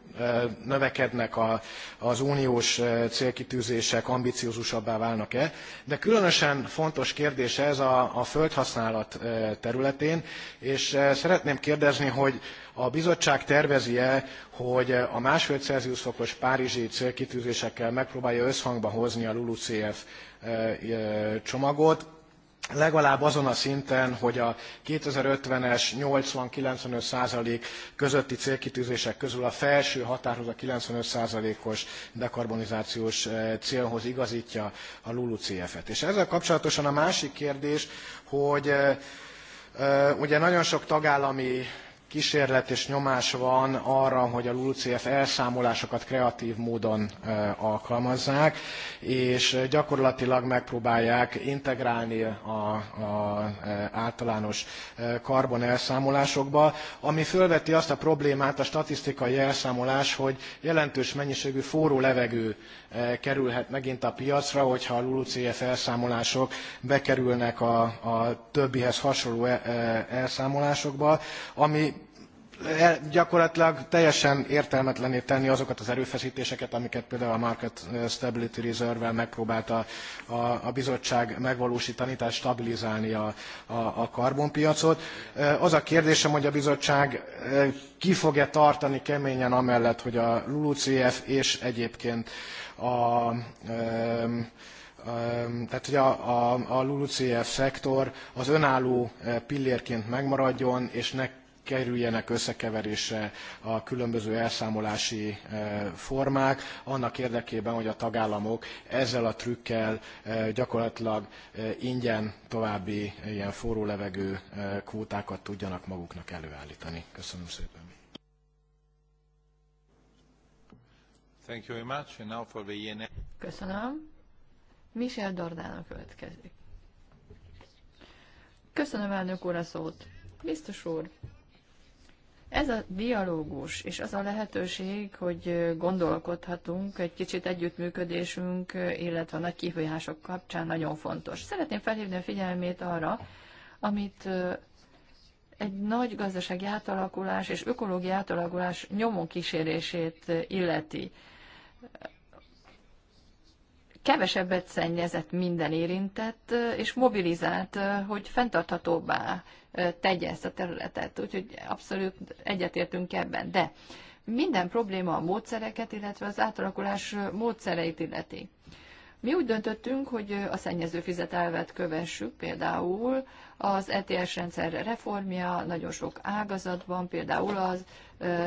növekednek a, az uniós célkitűzések, ambiciózusabbá válnak-e, de különösen fontos kérdés ez a, a földhasználat területén, és szeretném kérdezni, hogy a bizottság tervezi-e, hogy a másfél Celsius fokos párizsi célkitűzésekkel megpróbálja összhangba hozni a LULUCF csomagot, legalább azon a szinten, hogy a 2050-es 80-95 százalék közötti célkitűzések közül a felső határhoz a 95 százalékos dekarbonizációs eh, célhoz igazítja a LULUCF-et. És ezzel kapcsolatosan a másik kérdés, hogy eh, eh, ugye nagyon sok tagállami kísérlet és nyomás van arra, hogy a LULUCF elszámolásokat kreatív módon alkalmazzák, és gyakorlatilag megpróbálják integrálni az általános karbon elszámolásokba, ami fölveti azt a problémát a statisztikai elszámolás, hogy jelentős mennyiségű forró levegő Eh, kerülhet megint a piacra, hogyha a LULUCF elszámolások bekerülnek a, a többihez hasonló eh, eh, elszámolásokba, ami gyakorlatilag teljesen értelmetlené tenni azokat az erőfeszítéseket, amiket például a Market Stability Reserve-vel megpróbált a, a, bizottság megvalósítani, tehát stabilizálni a, a, a karbonpiacot. Az a kérdésem, hogy a bizottság ki fog-e tartani keményen amellett, hogy a LULUCF és egyébként a, tehát hogy a, a, a LULUCF szektor az önálló pillérként megmaradjon, és ne kerüljenek összekeverésre a különböző elszámolási eh, formák, annak érdekében, hogy a tagállamok ezzel a trükkel eh, gyakorlatilag eh, ingyen további ilyen forró levegő kvótákat tudjanak maguknak előállítani. Köszönöm szépen. E Köszönöm. Michel Dordának következik. Köszönöm elnök úr a szót. Biztos úr, ez a dialógus és az a lehetőség, hogy gondolkodhatunk egy kicsit együttműködésünk, illetve a nagy kihívások kapcsán nagyon fontos. Szeretném felhívni a figyelmét arra, amit egy nagy gazdasági átalakulás és ökológiai átalakulás nyomon kísérését illeti kevesebbet szennyezett minden érintett, eh, és mobilizált, eh, hogy fenntarthatóbbá eh, tegye ezt a területet. Úgyhogy abszolút egyetértünk ebben. De minden probléma a módszereket, illetve az átalakulás módszereit illeti. Mi úgy döntöttünk, hogy a szennyező fizetelvet kövessük, például az ETS rendszer reformja nagyon sok ágazatban, például az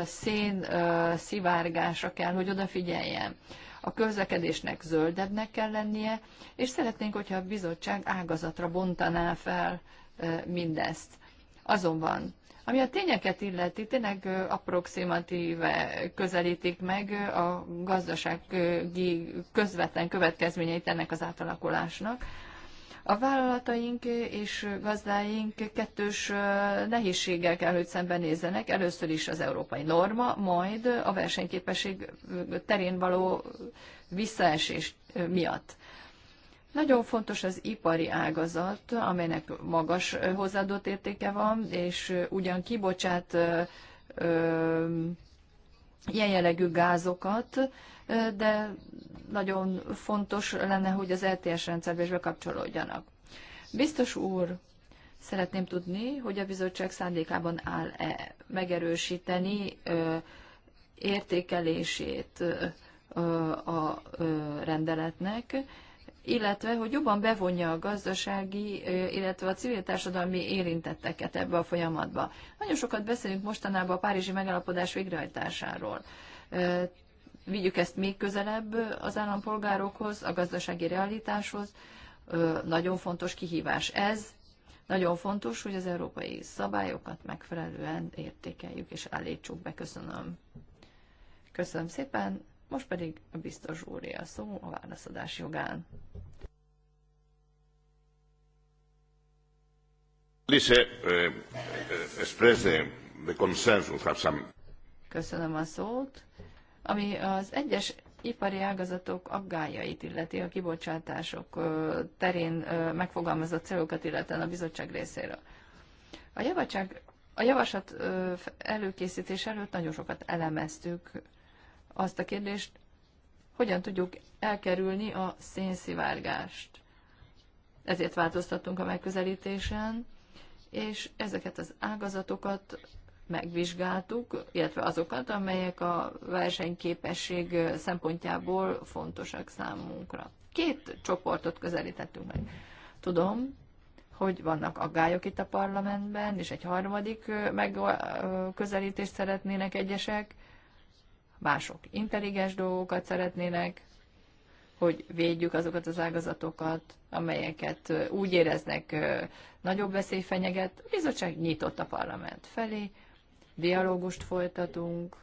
szén szivárgásra kell, hogy odafigyeljen a közlekedésnek zöldebbnek kell lennie, és szeretnénk, hogyha a bizottság ágazatra bontaná fel mindezt. Azonban, ami a tényeket illeti, tényleg approximatíve közelítik meg a gazdasági közvetlen következményeit ennek az átalakulásnak, a vállalataink és gazdáink kettős nehézséggel kell, hogy szembenézzenek. Először is az európai norma, majd a versenyképesség terén való visszaesés miatt. Nagyon fontos az ipari ágazat, amelynek magas hozzáadott értéke van, és ugyan kibocsát ö, ilyen jellegű gázokat, de nagyon fontos lenne, hogy az LTS e rendszerbe is bekapcsolódjanak. Biztos úr, szeretném tudni, hogy a bizottság szándékában áll-e megerősíteni értékelését a rendeletnek, illetve hogy jobban bevonja a gazdasági, illetve a civil társadalmi érintetteket ebbe a folyamatba. Nagyon sokat beszélünk mostanában a Párizsi megállapodás végrehajtásáról vigyük ezt még közelebb az állampolgárokhoz, a gazdasági realitáshoz. Nagyon fontos kihívás ez. Nagyon fontos, hogy az európai szabályokat megfelelően értékeljük és állítsuk be. Köszönöm. Köszönöm szépen. Most pedig a biztos úré a szó a válaszadás jogán. Eh, eh, Köszönöm a szót. Ami az egyes ipari ágazatok aggájait illeti, a kibocsátások terén megfogalmazott célokat illetően a bizottság részéről. A, javaslat, a javaslat előkészítés előtt nagyon sokat elemeztük azt a kérdést, hogyan tudjuk elkerülni a szénszivárgást. Ezért változtattunk a megközelítésen, és ezeket az ágazatokat megvizsgáltuk, illetve azokat, amelyek a versenyképesség szempontjából fontosak számunkra. Két csoportot közelítettünk meg. Tudom, hogy vannak aggályok itt a parlamentben, és egy harmadik megközelítést szeretnének egyesek, mások intelligens dolgokat szeretnének, hogy védjük azokat az ágazatokat, amelyeket úgy éreznek nagyobb veszély fenyeget. A bizottság nyitott a parlament felé, dialógust folytatunk,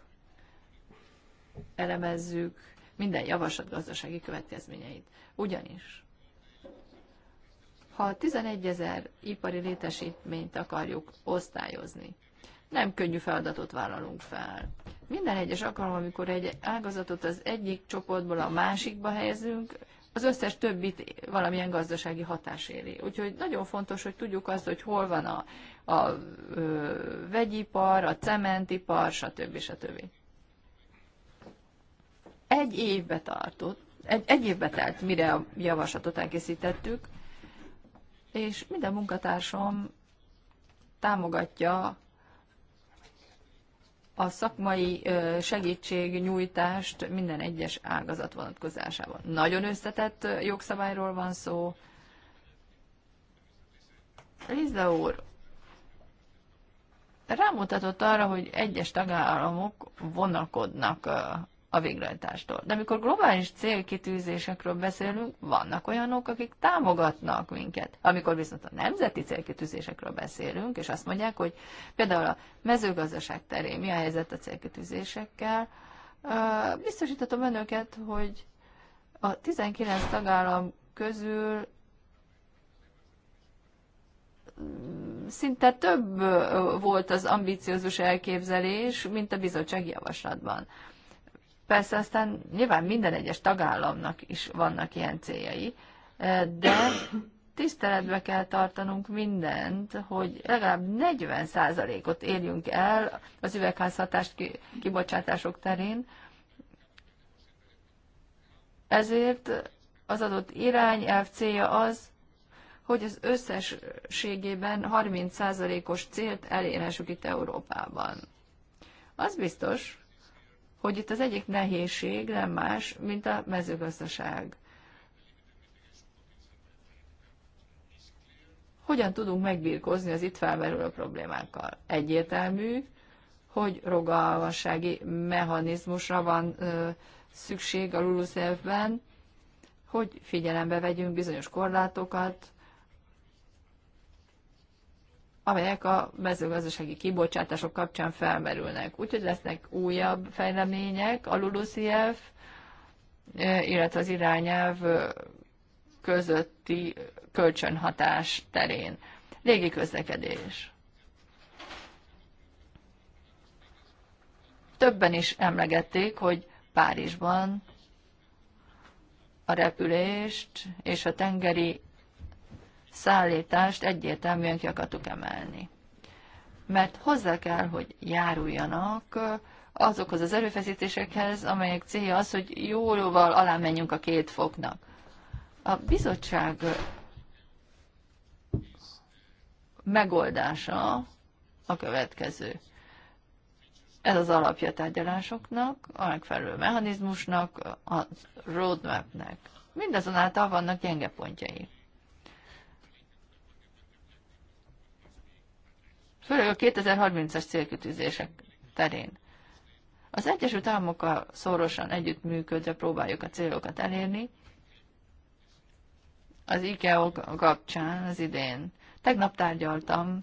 elemezzük minden javaslat gazdasági következményeit. Ugyanis, ha 11 ezer ipari létesítményt akarjuk osztályozni, nem könnyű feladatot vállalunk fel. Minden egyes alkalom, amikor egy ágazatot az egyik csoportból a másikba helyezünk, az összes többit valamilyen gazdasági hatás éri. Úgyhogy nagyon fontos, hogy tudjuk azt, hogy hol van a, a ö, vegyipar, a cementipar, stb. stb. Egy évbe tartott, egy, egy évbe telt, mire a javaslatot elkészítettük, és minden munkatársam támogatja a szakmai segítségnyújtást minden egyes ágazat vonatkozásában. Nagyon összetett jogszabályról van szó. Liza úr, rámutatott arra, hogy egyes tagállamok vonakodnak a végrehajtástól. De amikor globális célkitűzésekről beszélünk, vannak olyanok, akik támogatnak minket. Amikor viszont a nemzeti célkitűzésekről beszélünk, és azt mondják, hogy például a mezőgazdaság terén mi a helyzet a célkitűzésekkel, biztosítatom önöket, hogy a 19 tagállam közül szinte több volt az ambiciózus elképzelés, mint a bizottság javaslatban. Persze aztán nyilván minden egyes tagállamnak is vannak ilyen céljai, eh, de tiszteletbe kell tartanunk mindent, hogy legalább 40%-ot érjünk el az üvegházhatást kibocsátások terén. Ezért az adott irány célja az, hogy az összességében 30%-os célt elérhessük itt Európában. Az biztos, hogy itt az egyik nehézség nem más, mint a mezőgazdaság. Hogyan tudunk megbírkozni az itt felmerülő problémákkal? Egyértelmű, hogy rogalmassági mechanizmusra van ö, szükség a LULUCF-ben, hogy figyelembe vegyünk bizonyos korlátokat, amelyek a mezőgazdasági kibocsátások kapcsán felmerülnek. Úgyhogy lesznek újabb fejlemények, a LULUCF, e, illetve az irányelv e, közötti kölcsönhatás terén. Légi közlekedés. Többen is emlegették, hogy Párizsban a repülést és a tengeri szállítást egyértelműen ki akartuk emelni. Mert hozzá kell, hogy járuljanak azokhoz az erőfeszítésekhez, amelyek célja az, hogy jóval alá menjünk a két foknak. A bizottság megoldása a következő. Ez az alapja tárgyalásoknak, a megfelelő mechanizmusnak, a roadmapnek. Mindazonáltal vannak gyenge pontjai. főleg a 2030-as célkütőzések terén. Az Egyesült Államokkal szorosan együttműködve próbáljuk a célokat elérni, az IKEA kapcsán az idén. Tegnap tárgyaltam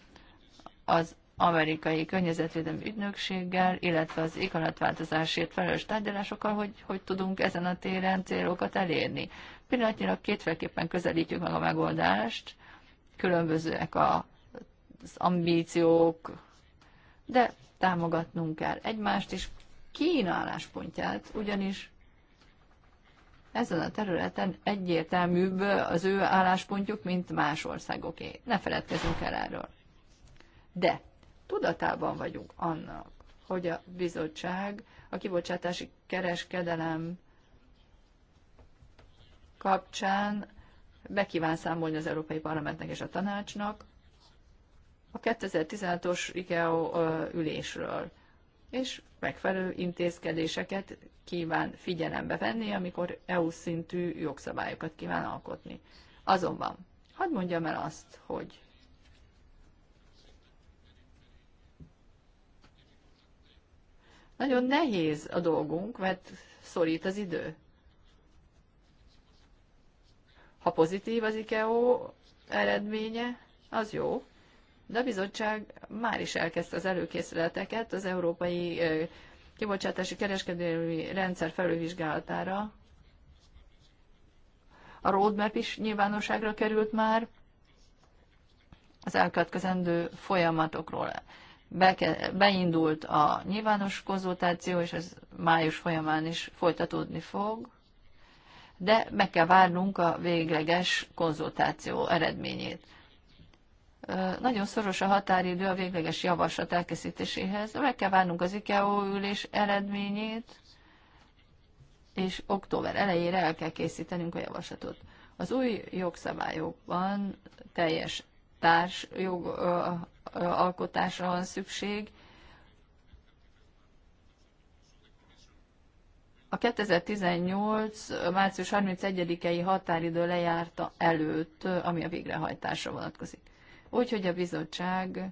az amerikai környezetvédelmi ügynökséggel, illetve az éghajlatváltozásért felelős tárgyalásokkal, hogy hogy tudunk ezen a téren célokat elérni. Pillanatnyilag kétféleképpen közelítjük meg a megoldást, különbözőek a az ambíciók, de támogatnunk kell egymást és kínáláspontját, ugyanis ezen a területen egyértelműbb az ő álláspontjuk, mint más országoké. Ne feledkezzünk el erről. De tudatában vagyunk annak, hogy a bizottság a kibocsátási kereskedelem kapcsán be kíván számolni az Európai Parlamentnek és a tanácsnak, a 2016-os IKEA ülésről, és megfelelő intézkedéseket kíván figyelembe venni, amikor EU szintű jogszabályokat kíván alkotni. Azonban, hadd mondjam el azt, hogy nagyon nehéz a dolgunk, mert szorít az idő. Ha pozitív az IKEA eredménye, az jó, de a bizottság már is elkezdte az előkészületeket az európai kibocsátási kereskedelmi rendszer felülvizsgálatára. A roadmap is nyilvánosságra került már, az elkövetkezendő folyamatokról. Beke, beindult a nyilvános konzultáció, és ez május folyamán is folytatódni fog, de meg kell várnunk a végleges konzultáció eredményét. Nagyon szoros a határidő a végleges javaslat elkészítéséhez. Meg kell várnunk az IKEA ülés eredményét, és október elejére el kell készítenünk a javaslatot. Az új jogszabályokban teljes társ jogalkotásra van szükség. A 2018. március 31-i határidő lejárta előtt, ami a végrehajtásra vonatkozik. Úgyhogy a bizottság,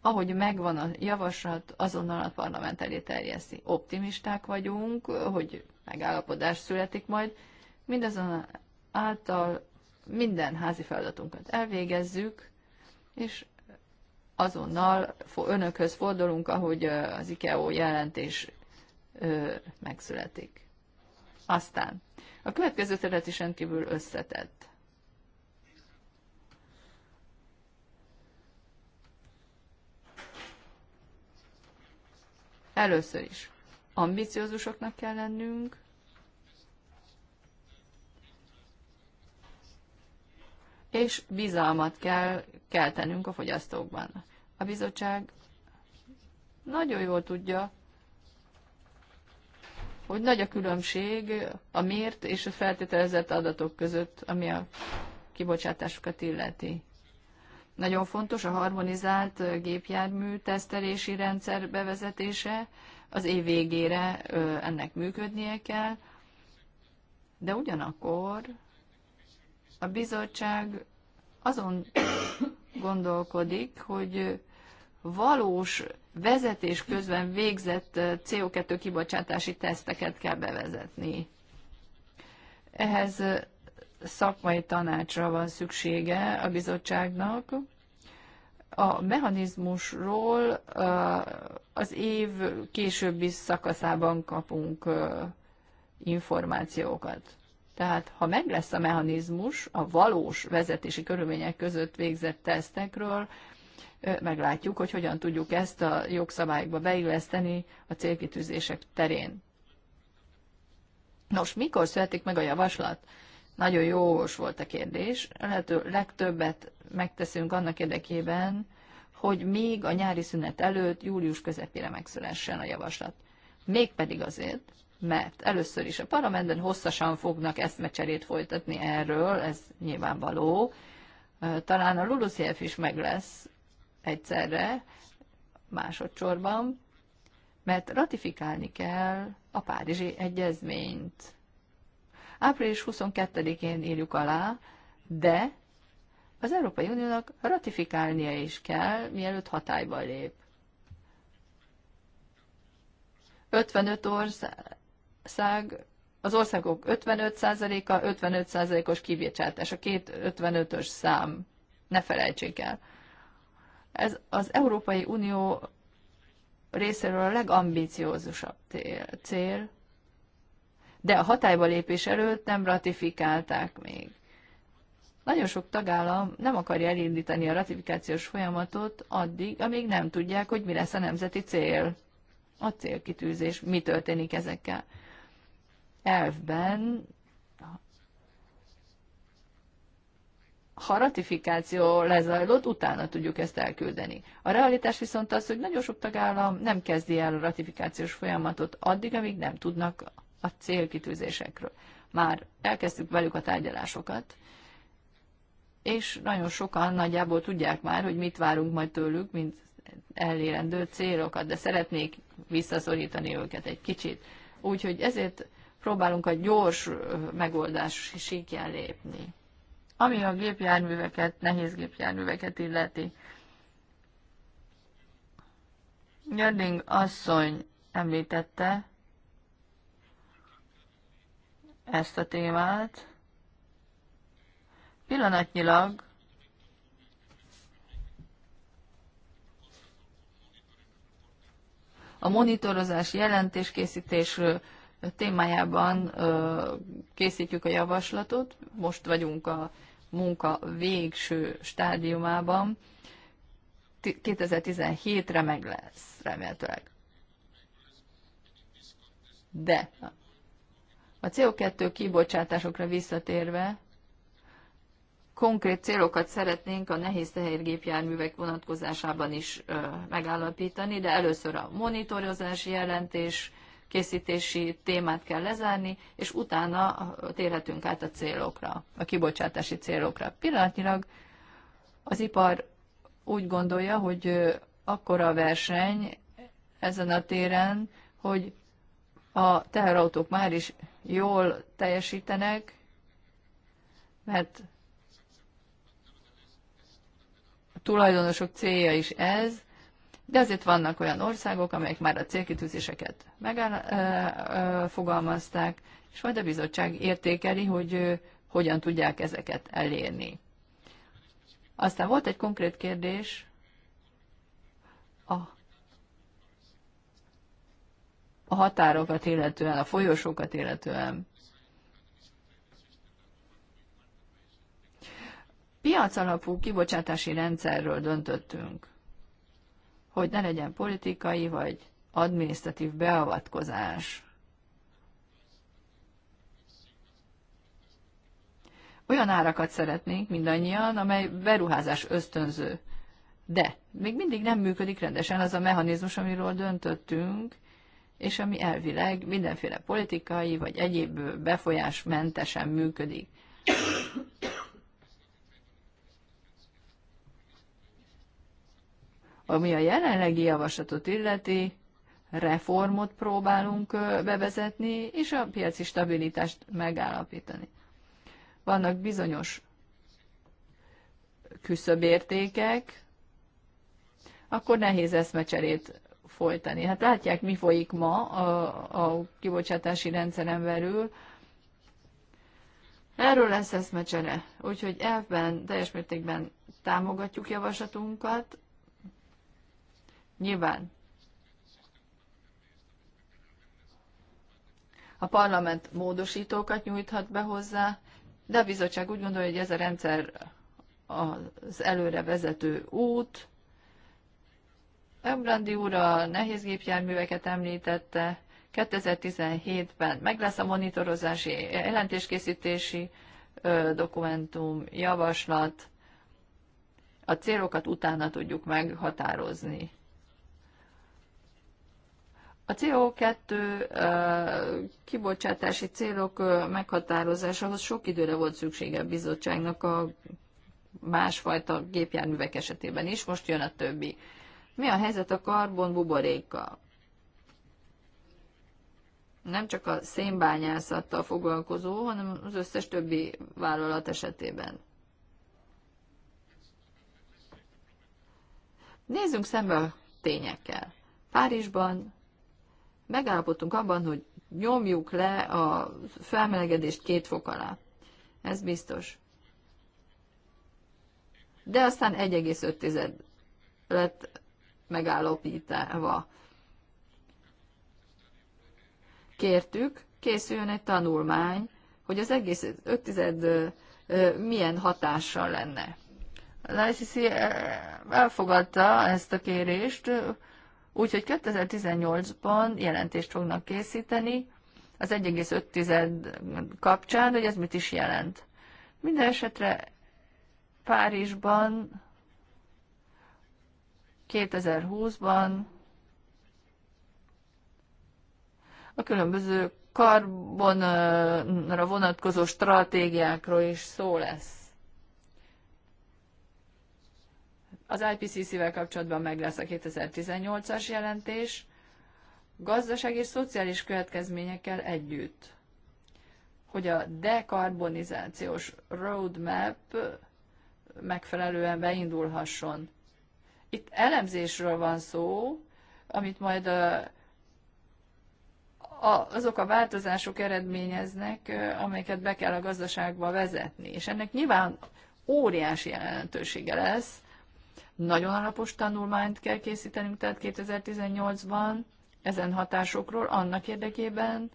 ahogy megvan a javaslat, azonnal a parlament elé terjeszi. Optimisták vagyunk, hogy megállapodás születik majd. Mindazon által minden házi feladatunkat elvégezzük, és azonnal önökhöz fordulunk, ahogy az IKEO jelentés megszületik. Aztán a következő terület is rendkívül összetett. Először is ambiciózusoknak kell lennünk, és bizalmat kell keltenünk a fogyasztókban. A bizottság nagyon jól tudja, hogy nagy a különbség a mért és a feltételezett adatok között, ami a kibocsátásokat illeti. Nagyon fontos a harmonizált gépjármű tesztelési rendszer bevezetése, az év végére ennek működnie kell, de ugyanakkor a bizottság azon gondolkodik, hogy valós vezetés közben végzett CO2 kibocsátási teszteket kell bevezetni. Ehhez szakmai tanácsra van szüksége a bizottságnak. A mechanizmusról az év későbbi szakaszában kapunk információkat. Tehát, ha meg lesz a mechanizmus a valós vezetési körülmények között végzett tesztekről, meglátjuk, hogy hogyan tudjuk ezt a jogszabályokba beilleszteni a célkitűzések terén. Nos, mikor születik meg a javaslat? Nagyon jó orvos volt a kérdés. Lehető legtöbbet megteszünk annak érdekében, hogy még a nyári szünet előtt, július közepére megszülessen a javaslat. Mégpedig azért, mert először is a parlamentben hosszasan fognak eszmecserét folytatni erről, ez nyilvánvaló. Talán a LULUCF is meg lesz egyszerre, másodszorban, mert ratifikálni kell a Párizsi Egyezményt április 22-én írjuk alá, de az Európai Uniónak ratifikálnia is kell, mielőtt hatályba lép. 55 ország, az országok 55%-a, 55%-os kivécsátás, a két 55-ös szám, ne felejtsék el. Ez az Európai Unió részéről a legambíciózusabb cél, de a hatályba lépés előtt nem ratifikálták még. Nagyon sok tagállam nem akarja elindítani a ratifikációs folyamatot addig, amíg nem tudják, hogy mi lesz a nemzeti cél. A célkitűzés, mi történik ezekkel. Elfben, ha ratifikáció lezajlott, utána tudjuk ezt elküldeni. A realitás viszont az, hogy nagyon sok tagállam nem kezdi el a ratifikációs folyamatot addig, amíg nem tudnak a célkitűzésekről. Már elkezdtük velük a tárgyalásokat, és nagyon sokan nagyjából tudják már, hogy mit várunk majd tőlük, mint elérendő célokat, de szeretnék visszaszorítani őket egy kicsit. Úgyhogy ezért próbálunk a gyors megoldás síkján lépni. Ami a gépjárműveket, nehéz gépjárműveket illeti. Gerding asszony említette, ezt a témát. Pillanatnyilag a monitorozás jelentéskészítés témájában készítjük a javaslatot. Most vagyunk a munka végső stádiumában. 2017-re meg lesz, remélhetőleg. De a CO2 kibocsátásokra visszatérve, konkrét célokat szeretnénk a nehéz tehergépjárművek vonatkozásában is ö, megállapítani, de először a monitorozási jelentés készítési témát kell lezárni, és utána térhetünk át a célokra, a kibocsátási célokra. Pillanatnyilag az ipar úgy gondolja, hogy akkora verseny ezen a téren, hogy a teherautók már is jól teljesítenek, mert a tulajdonosok célja is ez, de azért vannak olyan országok, amelyek már a célkitűzéseket megfogalmazták, és majd a bizottság értékeli, hogy hogyan tudják ezeket elérni. Aztán volt egy konkrét kérdés a határokat illetően, a folyosókat illetően. Piac alapú kibocsátási rendszerről döntöttünk, hogy ne legyen politikai vagy adminisztratív beavatkozás. Olyan árakat szeretnénk mindannyian, amely beruházás ösztönző. De még mindig nem működik rendesen az a mechanizmus, amiről döntöttünk, és ami elvileg mindenféle politikai vagy egyéb befolyás mentesen működik. Ami a jelenlegi javaslatot illeti, reformot próbálunk bevezetni, és a piaci stabilitást megállapítani. Vannak bizonyos küszöbértékek, akkor nehéz eszmecserét folytani. Hát látják, mi folyik ma a, a kibocsátási rendszeren belül. Erről lesz eszmecsere, úgyhogy elfben teljes mértékben támogatjuk javaslatunkat. Nyilván a parlament módosítókat nyújthat be hozzá, de a bizottság úgy gondolja, hogy ez a rendszer az előre vezető út, Ömbrandi úr a nehézgépjárműveket említette, 2017-ben meg lesz a monitorozási, jelentéskészítési dokumentum, javaslat, a célokat utána tudjuk meghatározni. A CO2 kibocsátási célok meghatározásához sok időre volt szüksége a bizottságnak a másfajta gépjárművek esetében is, most jön a többi. Mi a helyzet a karbon buborékkal? Nem csak a szénbányászattal foglalkozó, hanem az összes többi vállalat esetében. Nézzünk szembe a tényekkel. Párizsban megállapodtunk abban, hogy nyomjuk le a felmelegedést két fok alá. Ez biztos. De aztán 1,5 lett megállapítva. Kértük, készüljön egy tanulmány, hogy az egész öttized milyen hatással lenne. Az elfogadta ezt a kérést, úgyhogy 2018-ban jelentést fognak készíteni az 1,5 kapcsán, hogy ez mit is jelent. Minden esetre Párizsban 2020-ban a különböző karbonra vonatkozó stratégiákról is szó lesz. Az IPCC-vel kapcsolatban meg lesz a 2018-as jelentés, gazdaság és szociális következményekkel együtt, hogy a dekarbonizációs roadmap megfelelően beindulhasson. Itt elemzésről van szó, amit majd a, a, azok a változások eredményeznek, amelyeket be kell a gazdaságba vezetni. És ennek nyilván óriási jelentősége lesz. Nagyon alapos tanulmányt kell készítenünk, tehát 2018-ban ezen hatásokról annak érdekében,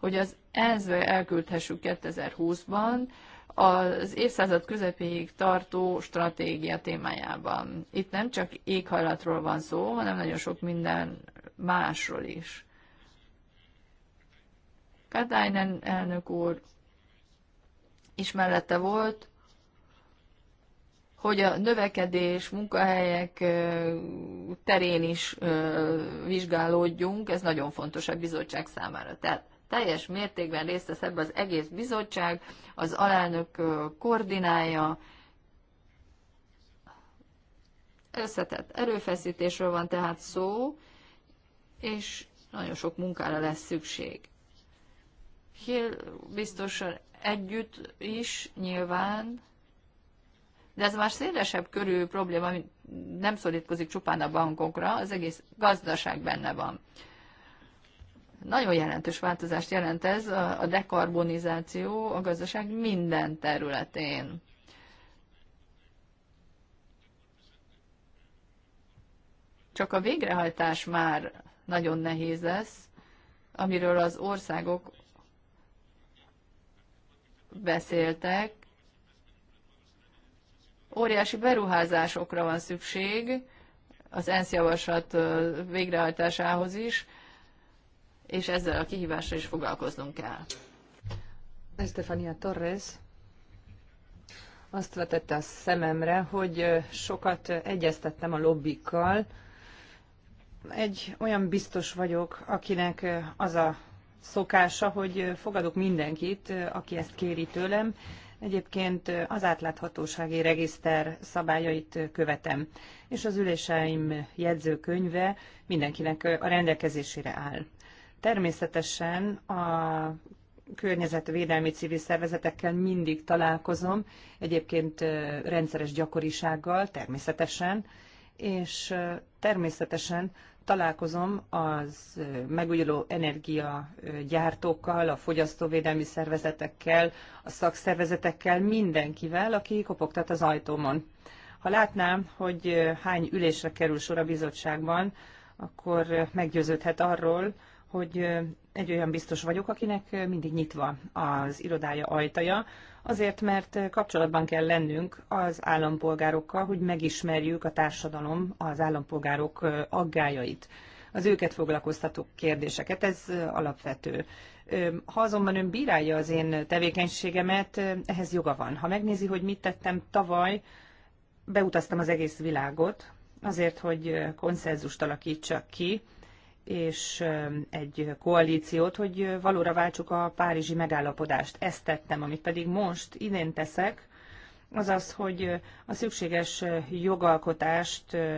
hogy az ENSZ-be elküldhessük 2020-ban, az évszázad közepéig tartó stratégia témájában. Itt nem csak éghajlatról van szó, hanem nagyon sok minden másról is. Katainen elnök úr is mellette volt, hogy a növekedés, munkahelyek terén is vizsgálódjunk, ez nagyon fontos a bizottság számára. Tehát teljes mértékben részt vesz ebbe az egész bizottság, az alelnök koordinálja, összetett erőfeszítésről van tehát szó, és nagyon sok munkára lesz szükség. Hill biztosan együtt is nyilván, de ez már szélesebb körű probléma, ami nem szorítkozik csupán a bankokra, az egész gazdaság benne van. Nagyon jelentős változást jelent ez a dekarbonizáció a gazdaság minden területén. Csak a végrehajtás már nagyon nehéz lesz, amiről az országok beszéltek. Óriási beruházásokra van szükség az ENSZ javaslat végrehajtásához is, és ezzel a kihívással is foglalkoznunk kell. Estefania Torres azt vetette a szememre, hogy sokat egyeztettem a lobbikkal. Egy olyan biztos vagyok, akinek az a szokása, hogy fogadok mindenkit, aki ezt kéri tőlem. Egyébként az átláthatósági regiszter szabályait követem, és az üléseim jegyzőkönyve mindenkinek a rendelkezésére áll. Természetesen a környezetvédelmi civil szervezetekkel mindig találkozom, egyébként rendszeres gyakorisággal természetesen, és természetesen találkozom az megújuló energiagyártókkal, a fogyasztóvédelmi szervezetekkel, a szakszervezetekkel, mindenkivel, aki kopogtat az ajtómon. Ha látnám, hogy hány ülésre kerül sor a bizottságban, akkor meggyőződhet arról, hogy egy olyan biztos vagyok, akinek mindig nyitva az irodája ajtaja, azért, mert kapcsolatban kell lennünk az állampolgárokkal, hogy megismerjük a társadalom, az állampolgárok aggájait, az őket foglalkoztató kérdéseket, ez alapvető. Ha azonban ön bírálja az én tevékenységemet, ehhez joga van. Ha megnézi, hogy mit tettem tavaly, beutaztam az egész világot, azért, hogy konszenzust alakítsak ki, és um, egy koalíciót, hogy valóra váltsuk a párizsi megállapodást. Ezt tettem, amit pedig most idén teszek, az az, hogy a szükséges jogalkotást uh,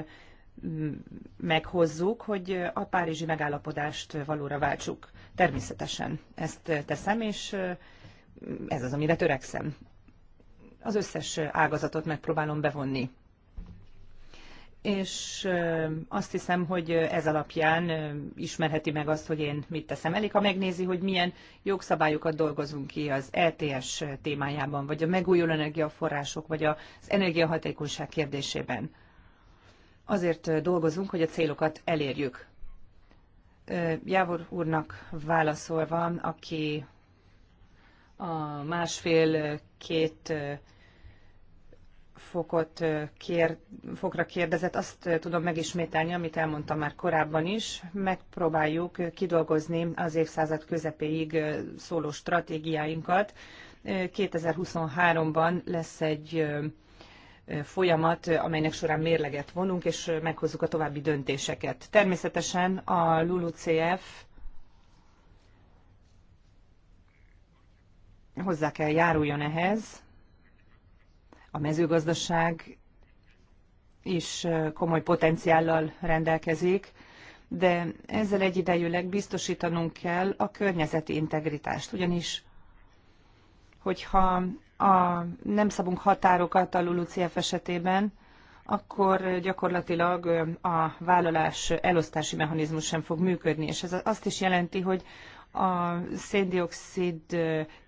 meghozzuk, hogy a párizsi megállapodást valóra váltsuk. Természetesen ezt teszem, és uh, ez az, amire törekszem. Az összes ágazatot megpróbálom bevonni és azt hiszem, hogy ez alapján ismerheti meg azt, hogy én mit teszem. Elég, ha megnézi, hogy milyen jogszabályokat dolgozunk ki az ETS témájában, vagy a megújuló energiaforrások, vagy az energiahatékonyság kérdésében. Azért dolgozunk, hogy a célokat elérjük. Jávor úrnak válaszolva, aki a másfél-két fokot kér, fokra kérdezett, azt tudom megismételni, amit elmondtam már korábban is. Megpróbáljuk kidolgozni az évszázad közepéig szóló stratégiáinkat. 2023-ban lesz egy folyamat, amelynek során mérleget vonunk, és meghozzuk a további döntéseket. Természetesen a LULUCF hozzá kell járuljon ehhez, a mezőgazdaság is komoly potenciállal rendelkezik, de ezzel egyidejűleg biztosítanunk kell a környezeti integritást, ugyanis hogyha a, nem szabunk határokat a LULUCF esetében, akkor gyakorlatilag a vállalás elosztási mechanizmus sem fog működni, és ez azt is jelenti, hogy a széndiokszid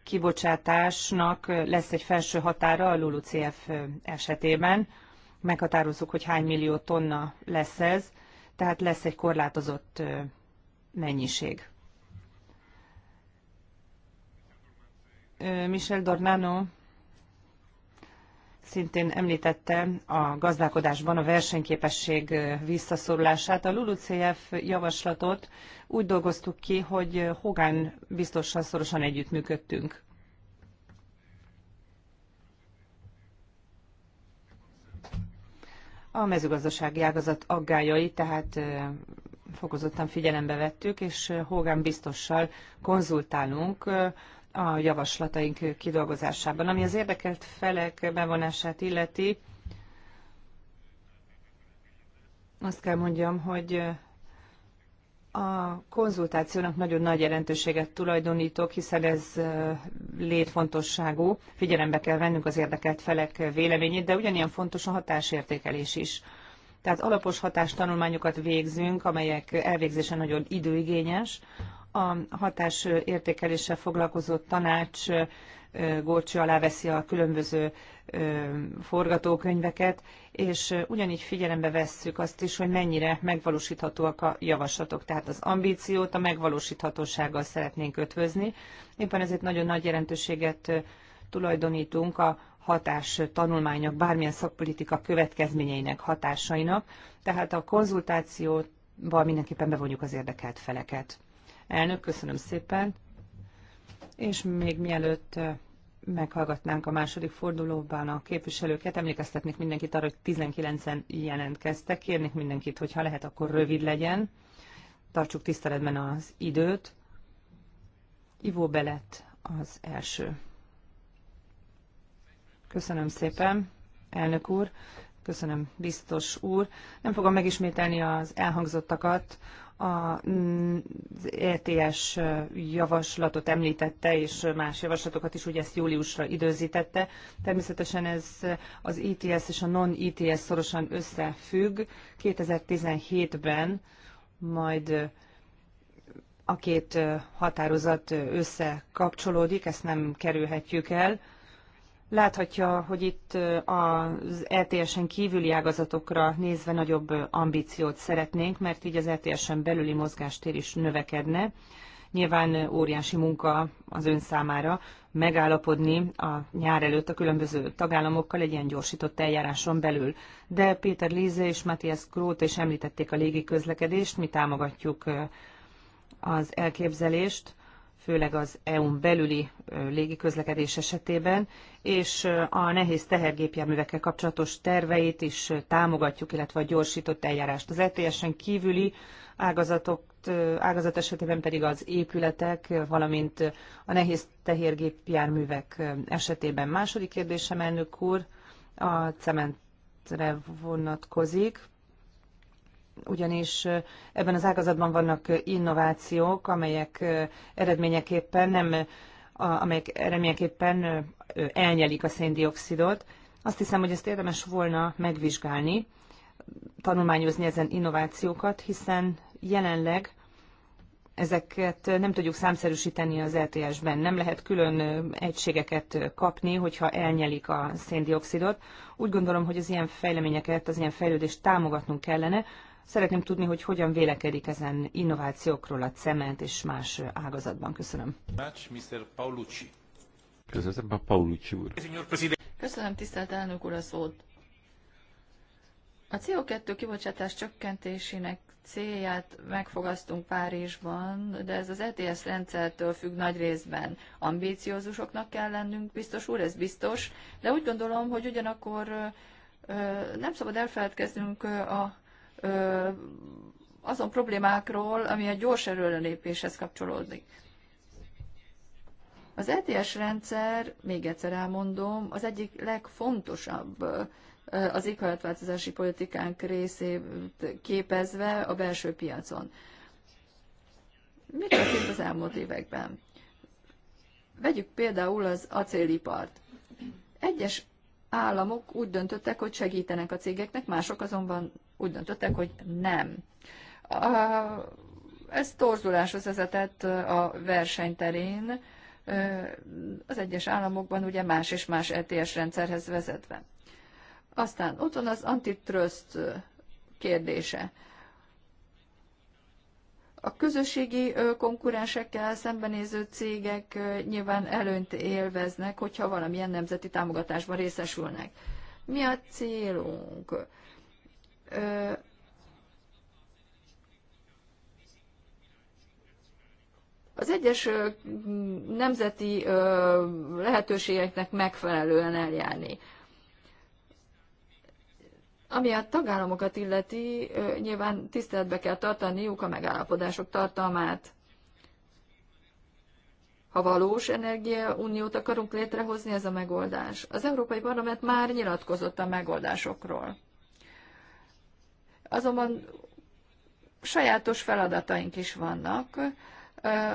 kibocsátásnak lesz egy felső határa a LULUCF esetében. Meghatározzuk, hogy hány millió tonna lesz ez, tehát lesz egy korlátozott mennyiség. Michel Dornano szintén említette a gazdálkodásban a versenyképesség visszaszorulását. A LULUCF javaslatot úgy dolgoztuk ki, hogy Hogán biztosan szorosan együttműködtünk. A mezőgazdasági ágazat aggályai tehát fokozottan figyelembe vettük, és Hogan biztossal konzultálunk a javaslataink kidolgozásában. Ami az érdekelt felek bevonását illeti, azt kell mondjam, hogy a konzultációnak nagyon nagy jelentőséget tulajdonítok, hiszen ez létfontosságú. Figyelembe kell vennünk az érdekelt felek véleményét, de ugyanilyen fontos a hatásértékelés is. Tehát alapos hatástanulmányokat végzünk, amelyek elvégzése nagyon időigényes a hatás értékeléssel foglalkozó tanács górcső alá veszi a különböző forgatókönyveket, és ugyanígy figyelembe vesszük azt is, hogy mennyire megvalósíthatóak a javaslatok. Tehát az ambíciót a megvalósíthatósággal szeretnénk ötvözni. Éppen ezért nagyon nagy jelentőséget tulajdonítunk a hatás tanulmányok, bármilyen szakpolitika következményeinek, hatásainak. Tehát a konzultációval mindenképpen bevonjuk az érdekelt feleket. Elnök, köszönöm szépen. És még mielőtt meghallgatnánk a második fordulóban a képviselőket, emlékeztetnék mindenkit arra, hogy 19-en jelentkeztek. Kérnék mindenkit, hogy ha lehet, akkor rövid legyen. Tartsuk tiszteletben az időt. Ivó Belet az első. Köszönöm szépen, elnök úr. Köszönöm, biztos úr. Nem fogom megismételni az elhangzottakat a ETS javaslatot említette, és más javaslatokat is, ugye ezt júliusra időzítette. Természetesen ez az ETS és a non-ETS szorosan összefügg. 2017-ben majd a két határozat összekapcsolódik, ezt nem kerülhetjük el. Láthatja, hogy itt az lts e en kívüli ágazatokra nézve nagyobb ambíciót szeretnénk, mert így az lts e en belüli mozgástér is növekedne. Nyilván óriási munka az ön számára megállapodni a nyár előtt a különböző tagállamokkal egy ilyen gyorsított eljáráson belül. De Péter Líze és Matthias Grót is említették a légi közlekedést, mi támogatjuk az elképzelést, főleg az EU-n belüli légiközlekedés esetében, és a nehéz tehergépjárművekkel kapcsolatos terveit is támogatjuk, illetve a gyorsított eljárást. Az ETS-en kívüli ágazatok, ágazat esetében pedig az épületek, valamint a nehéz tehergépjárművek esetében. Második kérdésem, elnök úr, a cementre vonatkozik ugyanis ebben az ágazatban vannak innovációk, amelyek eredményeképpen nem amelyek eredményeképpen elnyelik a széndiokszidot. Azt hiszem, hogy ezt érdemes volna megvizsgálni, tanulmányozni ezen innovációkat, hiszen jelenleg ezeket nem tudjuk számszerűsíteni az LTS-ben. Nem lehet külön egységeket kapni, hogyha elnyelik a széndiokszidot. Úgy gondolom, hogy az ilyen fejleményeket, az ilyen fejlődést támogatnunk kellene, Szeretném tudni, hogy hogyan vélekedik ezen innovációkról a cement és más ágazatban. Köszönöm. Mr. Paulucci. Köszönöm, Paulucci úr. Köszönöm, tisztelt elnök úr, a szót. A CO2 kibocsátás csökkentésének célját megfogasztunk Párizsban, de ez az ETS rendszertől függ nagy részben. Ambíciózusoknak kell lennünk, biztos úr, ez biztos, de úgy gondolom, hogy ugyanakkor nem szabad elfeledkeznünk a azon problémákról, ami a gyors előrelépéshez kapcsolódik. Az ETS rendszer, még egyszer elmondom, az egyik legfontosabb az éghajlatváltozási politikánk részét képezve a belső piacon. Mi történt az elmúlt években? Vegyük például az acélipart. Egyes államok úgy döntöttek, hogy segítenek a cégeknek, mások azonban úgy döntöttek, hogy nem. A, ez torzuláshoz vezetett a versenyterén, az egyes államokban ugye más és más ETS rendszerhez vezetve. Aztán ott van az antitrust kérdése. A közösségi konkurensekkel szembenéző cégek nyilván előnyt élveznek, hogyha valamilyen nemzeti támogatásban részesülnek. Mi a célunk? az egyes nemzeti lehetőségeknek megfelelően eljárni. Ami a tagállamokat illeti, nyilván tiszteletbe kell tartaniuk a megállapodások tartalmát. Ha valós energiauniót akarunk létrehozni, ez a megoldás. Az Európai Parlament már nyilatkozott a megoldásokról. Azonban sajátos feladataink is vannak,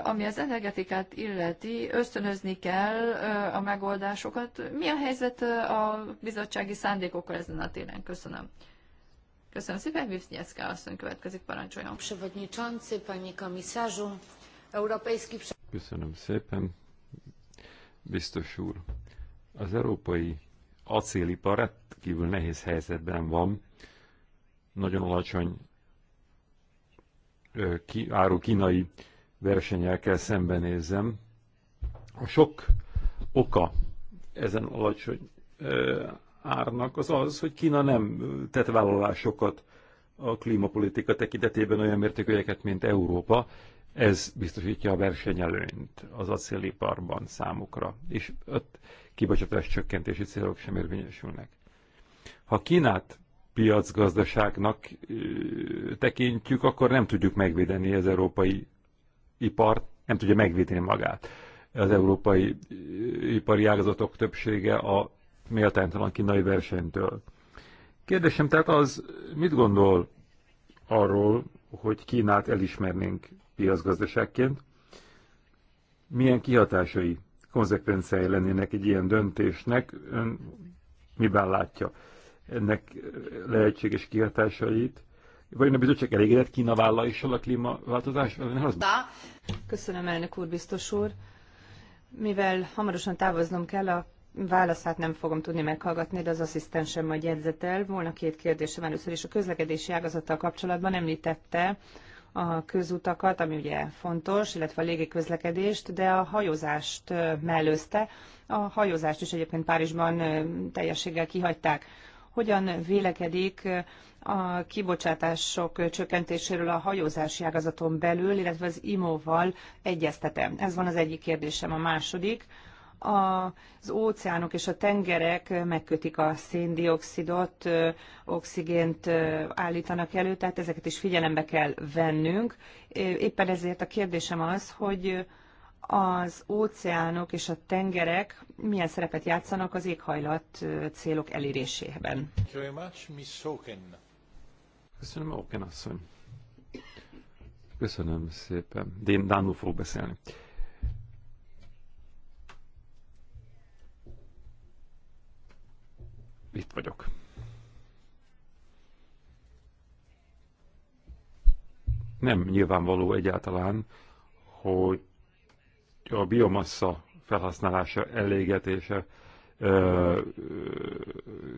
ami az energetikát illeti, ösztönözni kell a megoldásokat. Mi a helyzet a bizottsági szándékokkal ezen a téren? Köszönöm. Köszönöm szépen, azt, asszony következik, parancsoljon. Köszönöm szépen, biztos úr. Az európai acélipar rendkívül nehéz helyzetben van, nagyon alacsony ki, áru kínai versenyel kell szembenézzem. A sok oka ezen alacsony árnak az az, hogy Kína nem tett vállalásokat a klímapolitika tekintetében olyan mértékűeket, mint Európa. Ez biztosítja a versenyelőnyt az acéliparban számukra, és ott kibocsátás csökkentési célok sem érvényesülnek. Ha Kínát piacgazdaságnak tekintjük, akkor nem tudjuk megvédeni az európai ipart, nem tudja megvédeni magát. Az európai ipari ágazatok többsége a méltánytalan kínai versenytől. Kérdésem tehát az, mit gondol arról, hogy Kínát elismernénk piacgazdaságként? Milyen kihatásai, konzekvenciái lennének egy ilyen döntésnek? Ön miben látja? ennek lehetséges kihatásait. Vajon a bizottság elégedett Kína vállalással a klímaváltozás ellen? Köszönöm, elnök úr, biztos úr. Mivel hamarosan távoznom kell, a válaszát nem fogom tudni meghallgatni, de az asszisztensem majd jegyzetel. Volna két kérdésem először is a közlekedési ágazattal kapcsolatban említette a közutakat, ami ugye fontos, illetve a légiközlekedést, de a hajózást mellőzte. A hajózást is egyébként Párizsban teljességgel kihagyták hogyan vélekedik a kibocsátások csökkentéséről a hajózási ágazaton belül, illetve az IMO-val egyeztetem. Ez van az egyik kérdésem. A második, az óceánok és a tengerek megkötik a széndiokszidot, oxigént állítanak elő, tehát ezeket is figyelembe kell vennünk. Éppen ezért a kérdésem az, hogy az óceánok és a tengerek milyen szerepet játszanak az éghajlat célok elérésében. Köszönöm, Oken asszony. Köszönöm szépen. De én Dánul fogok beszélni. Itt vagyok. Nem nyilvánvaló egyáltalán, hogy a biomassa felhasználása, elégetése,